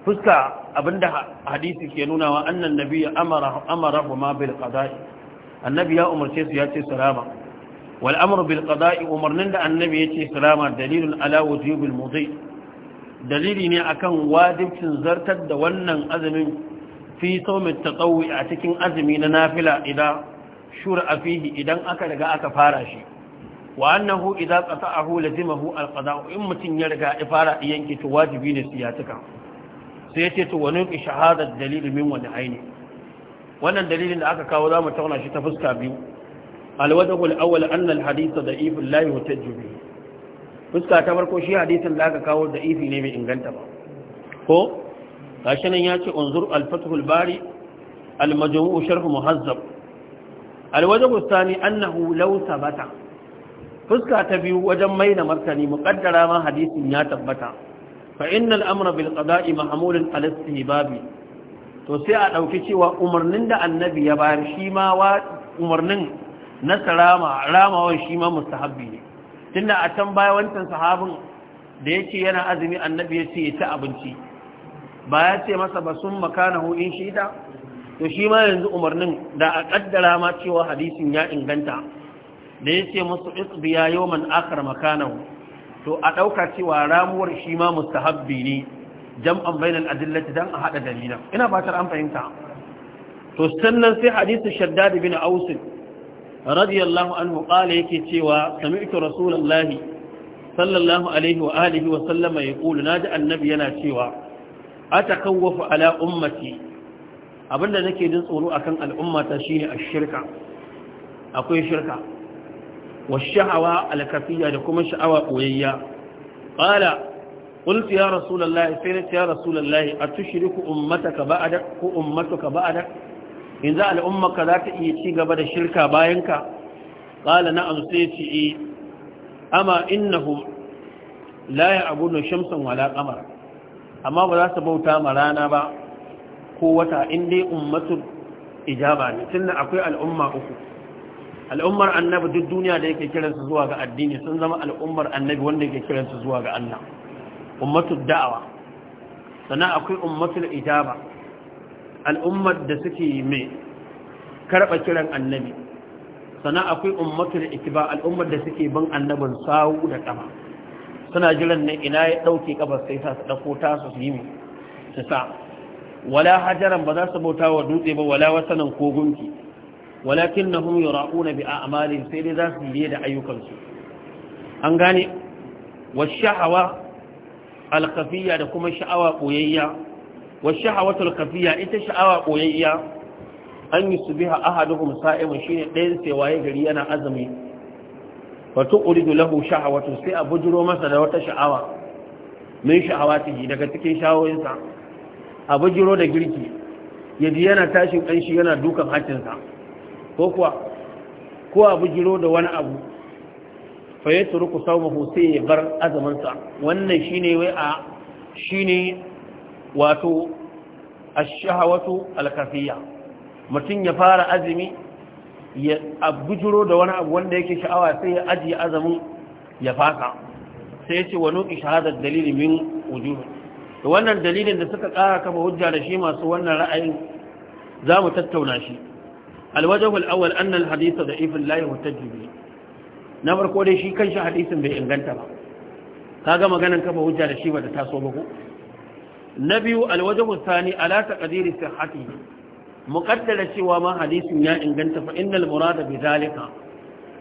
fuska abinda hadisi ke nuna wa annan nabiyyu ya amara huma bil qada'i annabi ya umarce su ya ce salama wal amru bil qada'i umarnin da annabi ya ce salama dalilun ala wujubil mudhi dalili ne akan wajibcin zartar da wannan azumin fi ta tatsawwi a cikin azumi na nafila idan shura fihi idan aka daga aka fara shi wa annahu idza qata'ahu lazimahu alqada in mutun ya riga ya fara yanke to wajibi ne siyatuka sai yace to wani ki shahadat dalil min wani aini wannan dalilin da aka kawo zamu tauna shi ta fuska biyu alwajhu alawwal anna alhadith da'if la yuhtaj bihi fuska ta farko shi hadisin da aka kawo da'ifi ne mai inganta ba ko gashi nan yace unzur al-fathul bari al-majmu' sharh muhazzab الوجه الثاني annahu لو ثبت fuska ta biyu wajen mai na martani muƙaddara ma hadisin ya tabbata fa innal amra bil qada'i mahmulun ala istihbabi to sai a dauki cewa umarnin da annabi ya bayar shi ma wa umarnin na salama ramawan shi ma mustahabbi ne tunda a can baya wancan sahabin da yake yana azumi annabi ya ce ya ci abinci ba ya ce masa ba sun makanahu in shida to shi ma yanzu umarnin da a kaddara ma cewa hadisin ya inganta da ya ce musu isbiya yawman akar makanahu to a ɗauka cewa ramuwar shi ma mustahabbi ne jam'an bainal adillati dan a haɗa dalilan ina fatar an fahimta to sannan sai hadisi shaddad bin aus radiyallahu anhu qala yake cewa sami'tu rasulullahi sallallahu alaihi wa alihi wa sallama yaqulu naji annabi yana cewa atakawwafu ala ummati abinda nake jin tsoro akan al'ummata shine ash-shirka akwai shirka والشعوى الكفية لكم شعوى قوية قال قلت يا رسول الله سيرت يا رسول الله أتشرك أمتك بعدك أمتك بعدك إن ذا الأمة ذات إيتي قبل الشركة باينك قال نعم سيتي إيه أما إنهم لا يعبدون شمسا ولا قمرا أما ولا سبوتا مرانا با قوة إن دي أمة إجابة لتن أقوى الأمة أخوة al'ummar annabi duk duniya da yake kiransu zuwa ga addini sun zama al'ummar annabi wanda yake kiransu zuwa ga Allah ummatu da'awa sannan akwai ummatul ijaba al'ummar da suke mai karɓa kiran annabi sannan akwai ummatul ikiba al'ummar da suke bin annabin sawu da kama suna jiran ne ina ya ɗauke kabar sai sa su ɗauko ta su yi su sa wala hajaran ba za su bauta wa dutse ba wala wasanin ko gunki Walakin walakinnahum yura'una bi amalin, sai dai za su biye da ayyukansu an gane washahawa alkhafiyya da kuma sha'awa koyayya washahawatul khafiyya ita sha'awa koyayya an yusbiha ahaduhum sa'iman shine ɗayan sai waye gari yana azumi wa tuqridu lahu shahawatu sai a bujuro masa da wata sha'awa min sha'awatihi daga cikin shawoyinsa a bujiro da girki yaji yana tashin kanshi yana dukan hakinsa. ko kuwa ko a jiro da wani abu fa ya turu ku sau sai ya bar azamansa wannan shi ne wai a shi ne wato a shahawatu alkafiya mutum ya fara azumi ya jiro da wani abu wanda yake sha'awa sai ya ajiye azamin ya faka. sai ya ce wani ishahadar dalilin min wujudu wannan dalilin da suka ƙara kama hujja da shi masu wannan ra'ayin za mu tattauna shi الوجه الأول annan الحديث ضعيف لا يحتج به na farko dai shi kanshi hadisin bai inganta ba ga maganin kafa hujja da shi ba da taso ba ko na biyu alwajhu Sani ala taqdiri sihhati muƙaddara cewa ma hadisin ya inganta fa innal murada bi zalika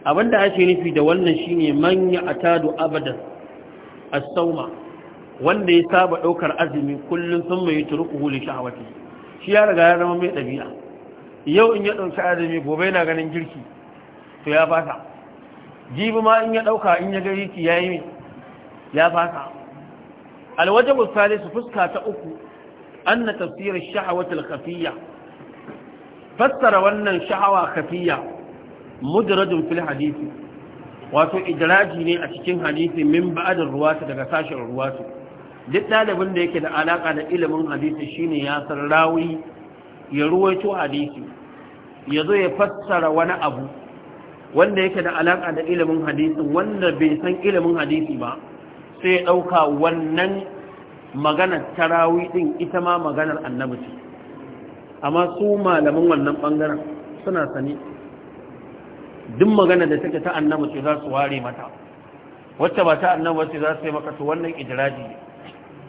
abinda ake nufi da wannan shine manya a atadu abadan a Sauma, wanda ya saba ɗaukar azumi kullum sun mai turku li shi ya riga ya zama mai dabi'a yau in ya ɗauki azumi gobe yana ganin girki to ya fasa jibi ma in ya ɗauka in ya gari ki ya yi mai ya fasa alwajen musali su fuska ta uku an na tafsirar shahawatul kafiya fassara wannan sha'awa kafiya mudrajin fil hadisi wato idraji ne a cikin hadisi min ba'adin ruwatu daga sashen ruwatu duk ɗalibin da yake da alaƙa da ilimin hadisi shine ya san rawi ya ruwaito hadisi ya zo ya fassara wani abu wanda yake da alaƙa da ilimin hadisi, wanda bai san ilimin hadisi ba sai ya ɗauka wannan maganar tarawi ɗin ita ma maganar annabi ce amma su malamin wannan ɓangaren suna sani duk maganar da take ta annabi ce za su ware mata wacce ba ta annabi ce za su yi maka su wannan idiraji ne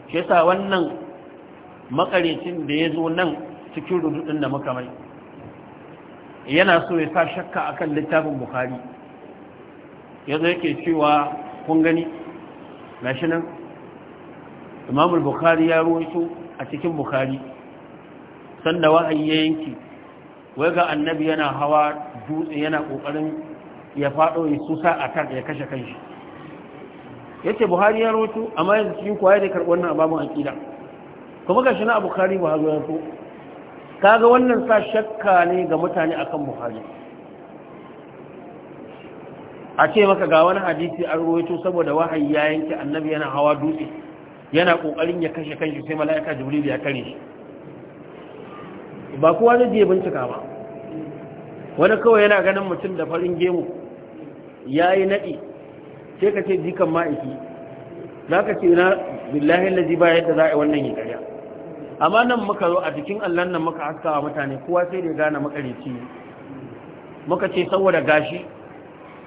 shi wannan makarecin da ya zo nan cikin rududin da muka mai yana so ya sa shakka akan littafin Ya zai yake cewa kun gani gashi nan imamul bukari ya ruwaito a cikin bukari sanda wa'ayi ya yanki wai ga annabi yana hawa dutse yana kokarin ya fado ya susa a kan ya kashe kanshi yace buhari ya ruwaito amma yanzu cikin kwaye da karɓar wannan ababun akida kuma gashi na a bukhari ba hazo ya so kaga wannan sa shakka ne ga mutane akan buhari a ce maka ga wani hadisi an ruwaito saboda wahayi ya yanke annabi yana hawa dutse yana kokarin ya kashe kanshi sai mala'ika jibril ya kare shi ba kowa ne je bincika ba wani kawai yana ganin mutum da farin gemu yayi yi naɗi sai ka ce jikan ma'aiki za ka ce na billahi lazi ba yadda za a wannan yi karya. amma nan muka zo a jikin allon nan muka wa mutane kowa sai da gane makarici muka ce saboda gashi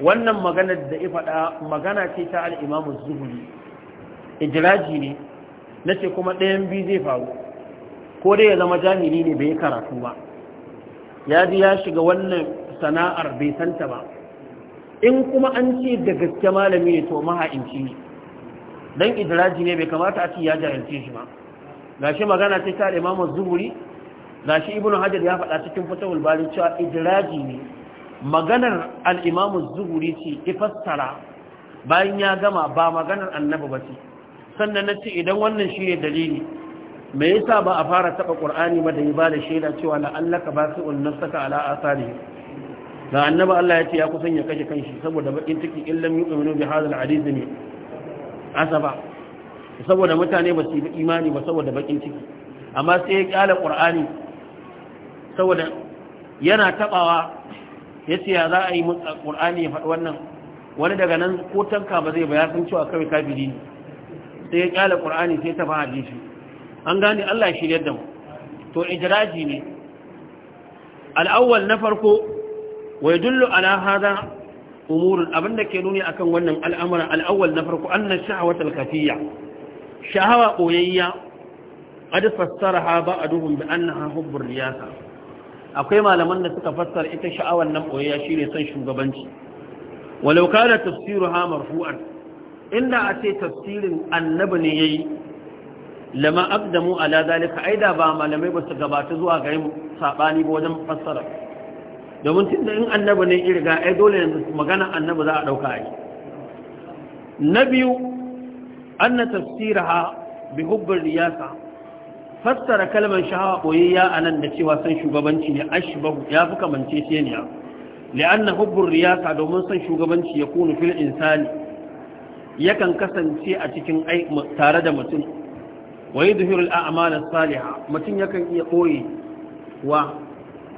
wannan magana da ya faɗa magana ce ta al'imamu zuhuri ijiraji ne na ce kuma ɗayan biyu zai faru ko dai ya zama jahili ne bai karatu ba ya ji ya shiga wannan sana'ar bai santa ba in kuma an ce da gaske malami ne to maha'inci ne don ijiraji ne bai kamata a ci ya jahilce shi ba gashi magana ce ta imamu zuhuri gashi ibnu hajar ya faɗa cikin fatawul bari cewa idraji ne maganar al-imamu zuhuri ce ifassara bayan ya gama ba maganar annabi ba ce sannan na ce idan wannan shi ne dalili me yasa ba a fara taɓa ƙurani ba da yi ba da shaida cewa la'allaka basi'un saka ala asari ga annabi Allah ya ce ya kusan ya kashe kanshi saboda bakin ciki illam yu'minu bi hadha al ne asaba saboda mutane ba su yi imani ba saboda bakin ciki amma sai ya kyale qur'ani saboda yana tabawa yace ya za a yi ƙurani ya faɗi wannan wani daga nan ko tanka ba zai ba ya san cewa kawai kafiri ne sai ya kyale sai ta fa hadisi an gane Allah shi yadda mu to ijraji ne Al'awwal na farko wa yadullu ala hada umurun abinda ke nuni akan wannan al'amuran al'awwal na farko a shahwatul kafiyya shahawa koyayya qad fassaraha ba'duhum bi annaha hubbur riyasa akwai malaman da suka fassara ita sha'awar nan shi ne son shugabanci walau kana tafsiruha marfu'an inda a ce tafsirin annabi ne yayi lama aqdamu ala zalika aida ba malamai ba su gabata zuwa gare mu saɓani ba wajen fassara domin tunda in annabi ne ya riga ai dole yanzu magana annabi za a dauka ai na biyu anna tafsiraha bi hubbir riyasa fassara kalmar shahawa boyayya nan da cewa san shugabanci ne ashbahu ya fi kamance ce ne li'anna hubbir riyasa domin san shugabanci ya kunu fil insani yakan kasance a cikin tare da mutum wa yudhiru al-a'mal as-salihah mutum yakan iya koyi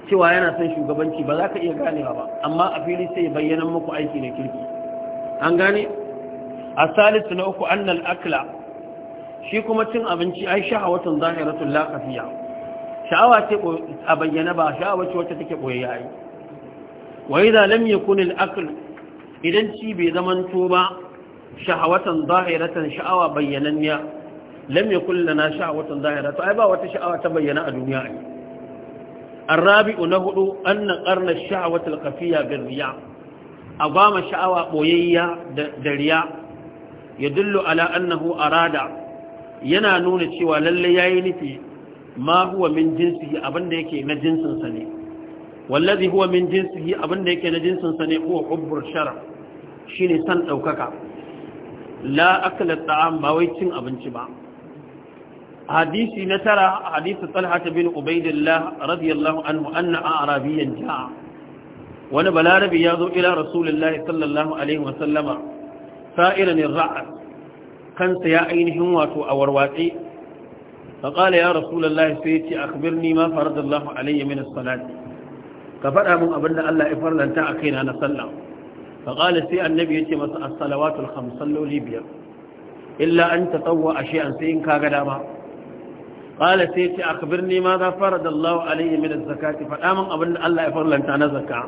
cewa yana son shugabanci ba za ka iya ganewa ba amma a fili sai ya bayyana muku aiki na kirki an gane A Salisu na uku annal akla shi kuma cin abinci ai sha'awatun zahiratun la kafiya sha'awa ce a bayyana ba sha'awa ce wacce take boye yayi wa idza lam yakun al akl idan ci bai zamanto ba sha'awatan zahiratan sha'awa bayyananniya lam yakun lana sha'awatan zahira to ai ba wata sha'awa ta bayyana a duniya ai arabi'u na hudu anna qarna sha'awatul khafiya bil riya abama sha'awa boyayya da riya yadullu ala annahu arada yana nuna cewa lalle yayi nufi ma huwa min jinsihi abinda yake na jinsin sa ne wallazi huwa min jinsihi abinda yake na jinsin sa ne huwa hubbur sharaf shine san daukaka la akala ta'am ba wai cin abinci ba hadisi na tara hadisi talha bin ubaidillah radiyallahu anhu anna arabiyan ja'a wani balarabi ya zo ila rasulullahi sallallahu alaihi wasallama sa'iran ra'a kansa ya ainihin wato a warwatse faƙala ya rasulullahi sai ya ce akhbirni ma faradallahu alayya min as-salati ka faɗa min abin da Allah ya lanta a kaina na sallah faƙala sai annabi ya ce masa as-salawatul khams salloli biyar illa an tatawwa shay'an sai in kaga dama qala sai ce a akhbirni ma za farada Allah alayhi min az-zakati faɗa min abin da Allah ya lanta na zakka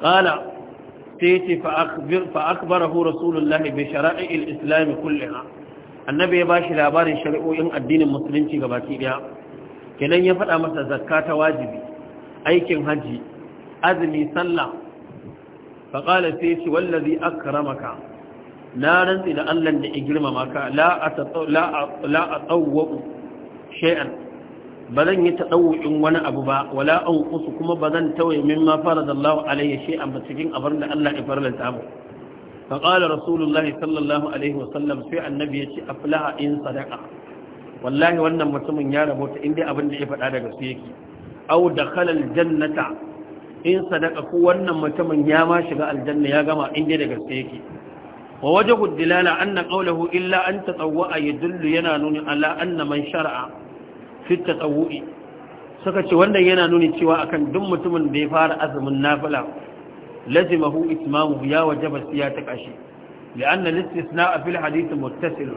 qala ta yi ce fa’akbarahu rasulullahi bai shara’i al’islami kullina annabi ya ba shi labarin shari’o’in addinin musulunci ga baki ɗaya kenan ya faɗa masa zakka ta wajibi aikin hajji azumi sallah faƙalar sai ce wallazi ka. na rantsi da Allah da igirma maka la a tsawo shai’an ba zan yi taɗawu'in wani abu ba wala an kusu kuma ba zan tawaye min ma fara da Allah alayhi shi an cikin abar da Allah ya farlanta mu fa qala rasulullahi sallallahu alaihi wasallam sai annabi ya ce aflaha in sadaka. wallahi wannan mutumin ya rabota inda abin da ya faɗa daga su yake aw kala'l jannata. in sadaka ko wannan mutumin ya ma shiga aljanna ya gama inda daga su yake wa wajhu dilala anna qawluhu illa an tatawwa yadullu yana nuni ala anna man shar'a fitta tsawu'i suka ce wannan yana nuni cewa akan duk mutumin da ya fara azumin nafila lazimahu itmamu ya wajaba siya ta kashi li'anna istisnaa fil hadith muttasil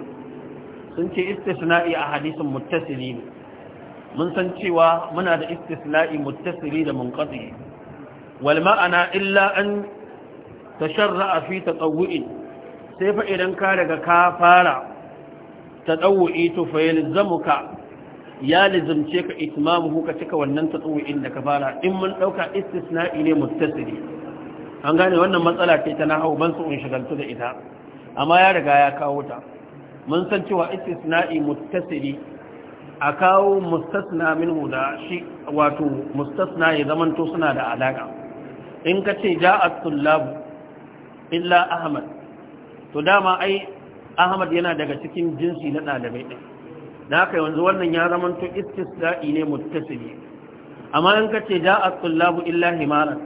sun ce istisna'i a hadisin muttasili mun san cewa muna da istisna'i muttasili da munqati wal ma'ana illa an tasharra'a fi tatawwu'in sai fa idan ka daga ka fara tatawwu'i to fa yalzamuka ya lizumce ka itmamuhu ka cika wannan tatsuwin da ka fara in mun dauka istisna'i ne muttasili an gane wannan matsala ce ta nahawu ban su in shigaltu da ita amma ya riga ya kawo ta mun san cewa istisna'i muttasili a kawo mustasna min da shi wato mustasna ya zamanto suna da alaka in ka ce ja'a tullab illa ahmad to dama ai ahmad yana daga cikin jinsi na ɗalibai da haka yanzu wannan ya zama to istisna'i ne muttasili amma an kace da at-tullabu illa himaran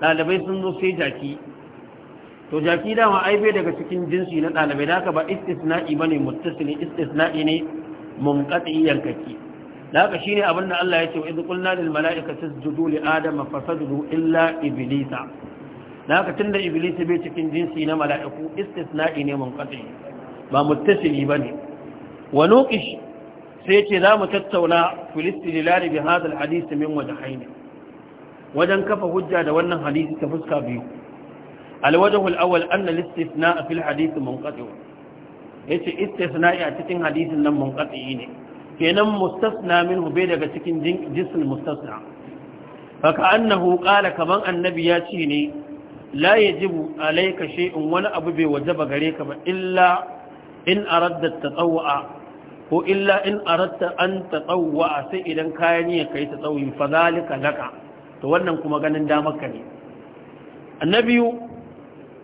dalibai sun zo sai jaki to jaki da ai bai daga cikin jinsi na dalibai da haka ba istisna'i bane muttasili istisna'i ne munqati yankaki da haka shine abin da Allah ya ce wa idh qulna lil mala'ikati isjudu li adama fasajadu illa iblisa da haka tunda iblisa bai cikin jinsi na mala'iku istisna'i ne munqati ba muttasili bane wa nuqish sai ce za mu tattauna filistini lari bi hadal hadisi min wajhaini wajen kafa hujja da wannan hadisi ta fuska biyu alwajhu alawwal anna al-istithna fi al-hadith munqati yace istithna'i a cikin hadisin nan munqati ne kenan mustasna minhu bai daga cikin jism mustasna fa ka'annahu qala kaman annabi ya ce ne la yajibu kashe in wani abu bai wajaba gare ba illa in aradda at-tatawwa ko illa in aratta an a sai idan kayan ya kai tatawwi fa zalika laka to wannan kuma ganin ka ne na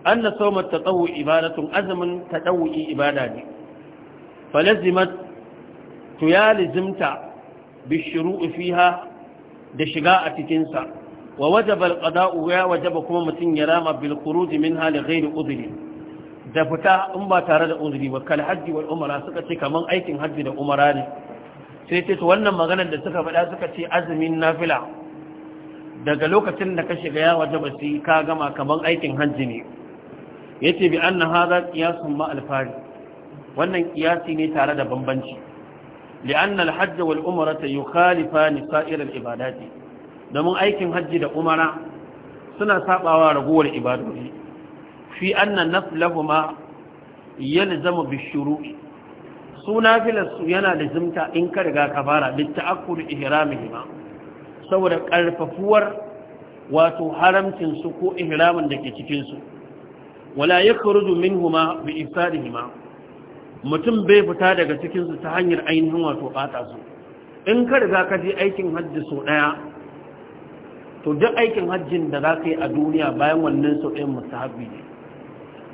anna sawma tatawwu ibadatun azmun tatawwi ibada ne falazimat to ya lazimta bishuru'i fiha da shiga a cikin sa wa wajaba ƙadau ya wajaba kuma mutum ya rama bil min halin li uzuri da fita in ba tare da uzuri ba kal hajji wal umara suka ce kaman aikin hajji da umara ne sai ce to wannan maganar da suka faɗa suka ce azumin nafila daga lokacin da ka shiga yawa ta basi ka gama kaman aikin hajji ne yace bi anna hadha qiyasun ma al fari wannan qiyasi ne tare da bambanci li'anna al hajj wal umara yukhalifani sa'ir al ibadati domin aikin hajji da umara suna sabawa ragowar ibadodi fi anna naflahuma zama bishuru su Suna su yana da zimta in ka riga ka fara litta'akkur ihramihima saboda karfafuwar wato haramcin ko ihiramin da ke wala ya wala yakhruju minhuma bi hima. mutum bai fita daga cikinsu ta hanyar ainihin wato ɓata su in ka riga ka je aikin hajji sau ɗaya, to duk aikin hajjin da za ka yi a duniya bayan wannan sau ɗayan mustahabbi ne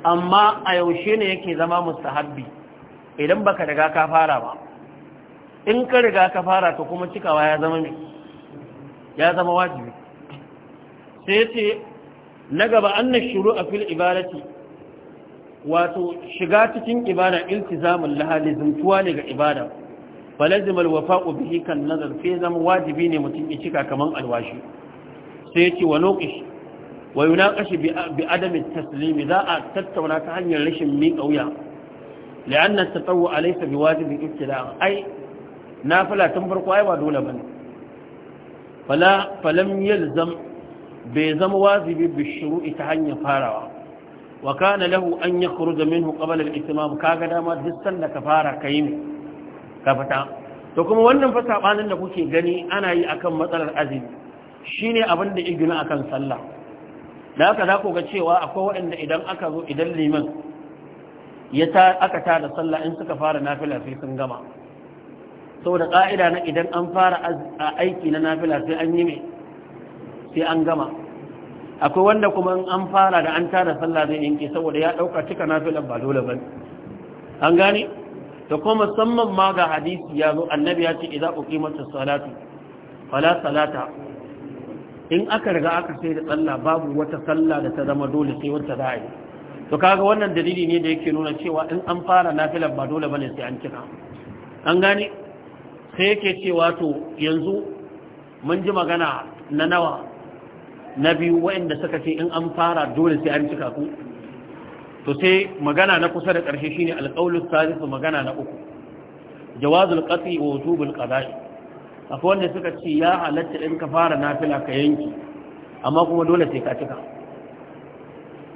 amma a yaushe ne yake zama mustahabbi idan baka riga ka fara ba in ka riga ka fara to kuma cikawa ya zama mai ya zama wajibi sai ce na gaba annan shuru a fil ibadati wato shiga cikin ibada iltizamin lahali zuntuwa ne ga ibada falazim alwafa'u bihi kan nazar sai zama wajibi ne mutum ya cika kaman alwashi sai ce wa noqish wa yi naƙashi bi adamin taslimi za a tattauna ta hanyar rashin miƙa wuya la'annan ta tsawo a laifin bi wajibin iftila ai na fula tun farko ai ba dole ba ne falam zam bai zama wajibi bi shiru ita hanyar farawa wa lahu an yi kuru da minhu ƙabalar itimam ka ga dama duk sanda ka fara ka yi ka fita to kuma wannan fasa ɓanin da kuke gani ana yi akan matsalar azumi shine abin da igina akan sallah da haka za ku ga cewa akwai waɗanda idan aka zo idan liman ya ta aka ta da sallah in suka fara nafila sai sun gama saboda ƙa'ida na idan an fara aiki na nafila sai an yi mai sai an gama akwai wanda kuma an fara da an tada sallah zai yanke saboda ya ɗauka cika nafilan ba dole ba an gane Ta kuma musamman ma ga hadisi ya zo annabi ya ce idan uqimatus salatu fala salata in aka riga aka sai da tsalla babu wata sallah da ta zama dole sai wata za a yi to kaga wannan dalili ne da yake nuna cewa in an fara nafilar ba dole bane sai an kira an gane sai yake cewa to yanzu mun ji magana na nawa na biyu waɗanda suka ce in an fara dole sai an cika ku to sai magana na kusa da ƙarshe shine alƙaulus salisu magana na uku jawazul qati wa wujubul qada'i akwai wanda suka ci ya halatta in ka fara nafila ka yanki amma kuma dole sai ka cika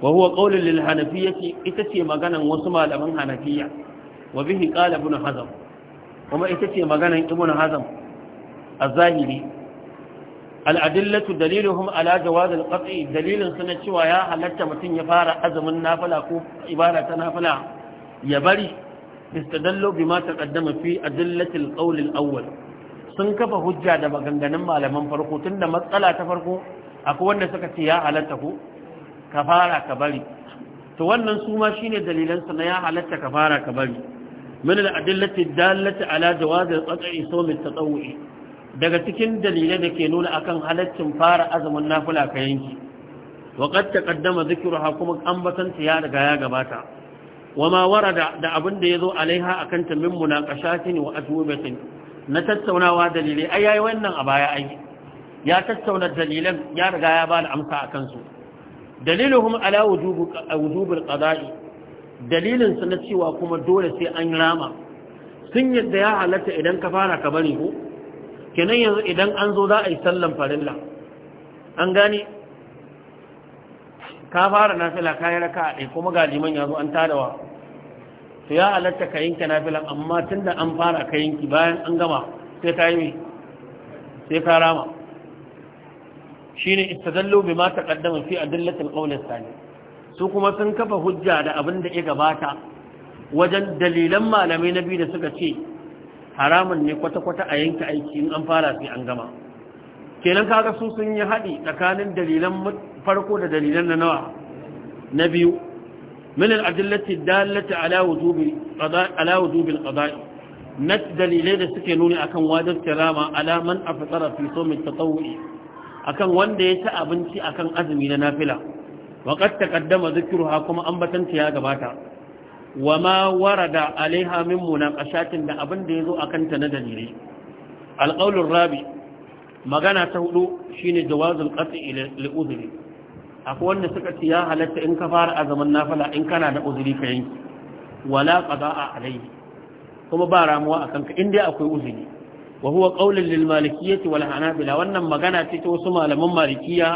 wa huwa ƙaunin lil ce, ita ce maganan wasu malaman hanafiya wa bihi qala ibn hazm kuma ita ce maganan ibn hazm a zahiri al'adillatu daliluhum ala jawazil qat'i dalilin suna cewa ya halatta mutum ya fara azumin nafila ko ibada ta nafila ya bari istadallu bima taqaddama fi adillatil qawl al-awwal sun kafa hujja da maganganun malaman farko tunda matsala ta farko akwai wanda suka ce ya halatta ko ka fara ka bari to wannan su ma shine dalilansa na ya halatta ka fara ka bari min al-adillati dallati ala jawaz al-qat'i sawm at-tatawwu'i daga cikin dalilai da ke nuna akan halaccin fara azumin nafila ka yanki wa qad taqaddama dhikruha kuma batanta ya daga ya gabata wama warada da abin da yazo alaiha akan ta min munaqashatin wa ajwibatin na tattaunawa dalilai ai yayi wannan a baya ai ya tattauna dalilan ya riga ya bani amsa a kansu daliluhum ala wujubu wujubul qada'i dalilin su na cewa kuma dole sai an rama sun yadda ya halatta idan ka fara ka bari ko kenan yanzu idan an zo za a yi sallan farilla an gane ka fara nafila kayi raka a ɗaya kuma ga liman yanzu an tadawa to ya alatta ka yanke nafilan amma tun da an fara ka yanki bayan an gama sai ka yi sai ka rama shi ne istadallo bai ma kaddama fi dillatin ƙaunar sani su kuma sun kafa hujja da abin da ya gabata wajen dalilan malamai na biyu da suka ce haramun ne kwata-kwata a yanke aiki in an fara sai an gama kenan kaga su sun yi haɗi tsakanin dalilan farko da dalilan na nawa na biyu من الأدلة الدالة على وجوب القضاء على وجوب القضاء نت دليلين سكنون أكن واجب كرامة على من أفطر في صوم التطوع أكن وان ديس أبنتي أكن أزمي لنافلة وقد تقدم ذكرها كما أنبتن سياغ باتا وما ورد عليها من مناقشات دا أبن ديزو أكن تندليلي القول الرابع مغانا تهدو شين جواز القطع لأذنه akwai wanda suka ce ya halatta in ka fara azaman nafila in kana da uzuri ka yanki wala qada'a alayhi kuma ba ramuwa akan ka in dai akwai uzuri wa huwa qaulun lil malikiyyati wal hanabila wannan magana ce ta wasu malaman malikiya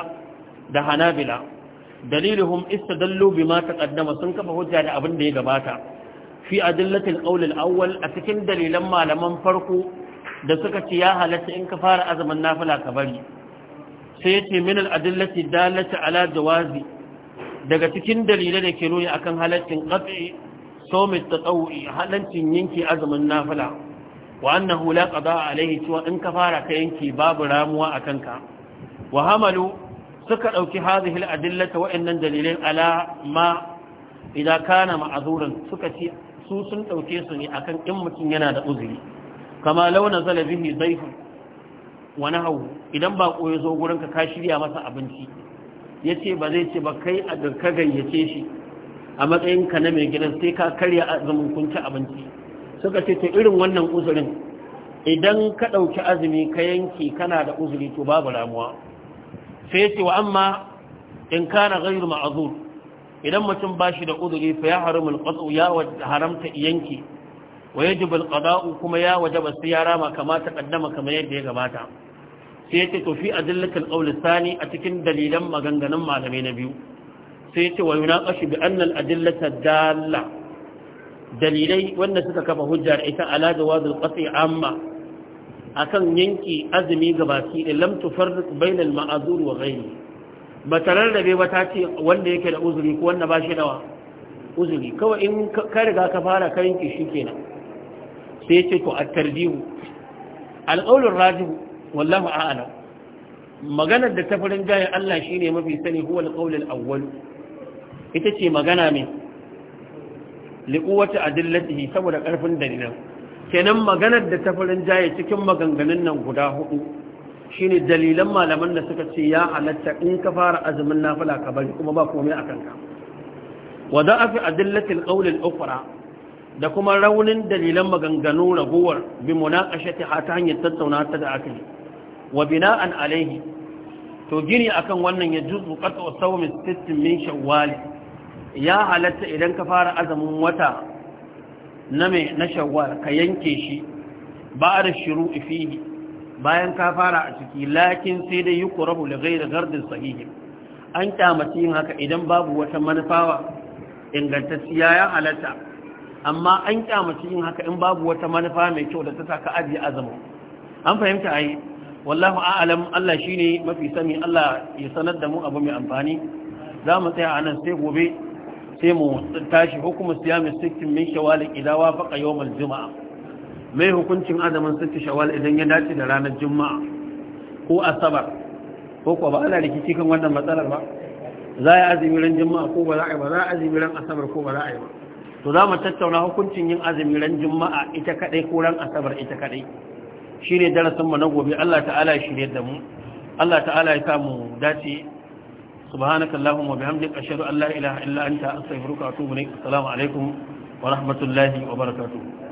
da hanabila daliluhum istadallu bima taqaddama sun kafa hujja da abin da ya gabata fi adillatil qaul al awwal a cikin dalilan malaman farko da suka ce ya halatta in ka fara azaman nafila ka bari sai yace min al-adillati dalati ala jawazi daga cikin dalilai da ke nuni akan halaccin qat'i sawmi tatawwi halaccin yanki azumin nafila wa annahu la qada alayhi tuwa in ka fara ka yanki babu ramuwa akan ka wa hamalu suka dauki hadhihi al-adillata waɗannan dalilai ala ma idan kana ma'azuran suka ci su sun dauke su ne akan in mutum yana da uzuri kama launa zalabihi zaifin wani hau idan ba ya zo gurinka ka shirya masa abinci ya ce ba zai ce ba kai a ka gayyace shi a matsayinka na mai gidan sai ka karya azumin kunci abinci suka ce ta irin wannan uzurin idan ka ɗauki azumi ka yanki kana da uzuri to babu ramuwa sai ce wa amma in kana ghairu ma'zur idan mutum ba shi da uzuri fa ya haramul qat'u ya haramta yanki wa yajibu al-qada'u kuma ya wajaba sai ya rama kamata kaddama kamar yadda ya gabata sai ce to fi adillatil qawl thani a cikin dalilan maganganun malamai na biyu sai ce wa yunaqashu bi anna al adillata dalla dalilai wanda suka kafa hujja da ita ala jawazil qati amma akan yanki azumi gabaki da lam tufarriq bainal ma'zur wa ghayri ba da ba ta ce wanda yake da uzuri ko wanda ba shi da uzuri kawai in ka riga ka fara ka yanki kenan. sai ce to at tarjihu al qawlur rajihu wallahu a'lam maganar da tafarin jaye Allah shine mafi sani huwa al-qawl al-awwal ita ce magana mai liquwati adillatihi saboda karfin dalilan kenan maganar da tafarin jaye cikin maganganun nan guda huɗu. shine dalilan malaman da suka ce ya halatta in ka fara azumin nafila ka bari kuma ba komai akan ka wa da'afi adillatil qawl al-ukhra da kuma raunin dalilan maganganu raguwar bi munaqashatiha ta hanyar tattauna ta da aka yi wa bina'an alaihi to gini akan wannan ya juzu qat'u sawmi sittin min shawwal ya halatta idan ka fara azumin wata na me na shawwal ka yanke shi ba da shiru fihi bayan ka fara a ciki lakin sai dai yuqrabu li ghayri gardin sahihi an kyamaci yin haka idan babu wata manufawa ingantacciya ya halatta amma an kyamaci yin haka in babu wata manufa mai kyau da ta saka ajiye azumin an fahimta ai wallahu a'lam Allah shine mafi sani Allah ya sanar da mu abu mai amfani za mu tsaya anan sai gobe sai mu tashi hukumu siyamis sittin min shawal idan wafaqa yawmal juma'a mai hukuncin azumin sittin shawal idan ya dace da ranar juma'a ko asabar ko ko ba ana rikici kan wannan matsalar ba za a azumi ran juma'a ko ba za a yi ba za a azumi ran asabar ko ba za a yi ba to za mu tattauna hukuncin yin azumi ran juma'a ita kadai ko ran asabar ita kadai shine darasin mu na gobe Allah ta'ala ya shirye da mu Allah ta'ala ya mu dace subhanaka allahumma bihamdika ashhadu an la ilaha illa anta astaghfiruka wa atubu ilaik assalamu alaikum wa rahmatullahi wa barakatuh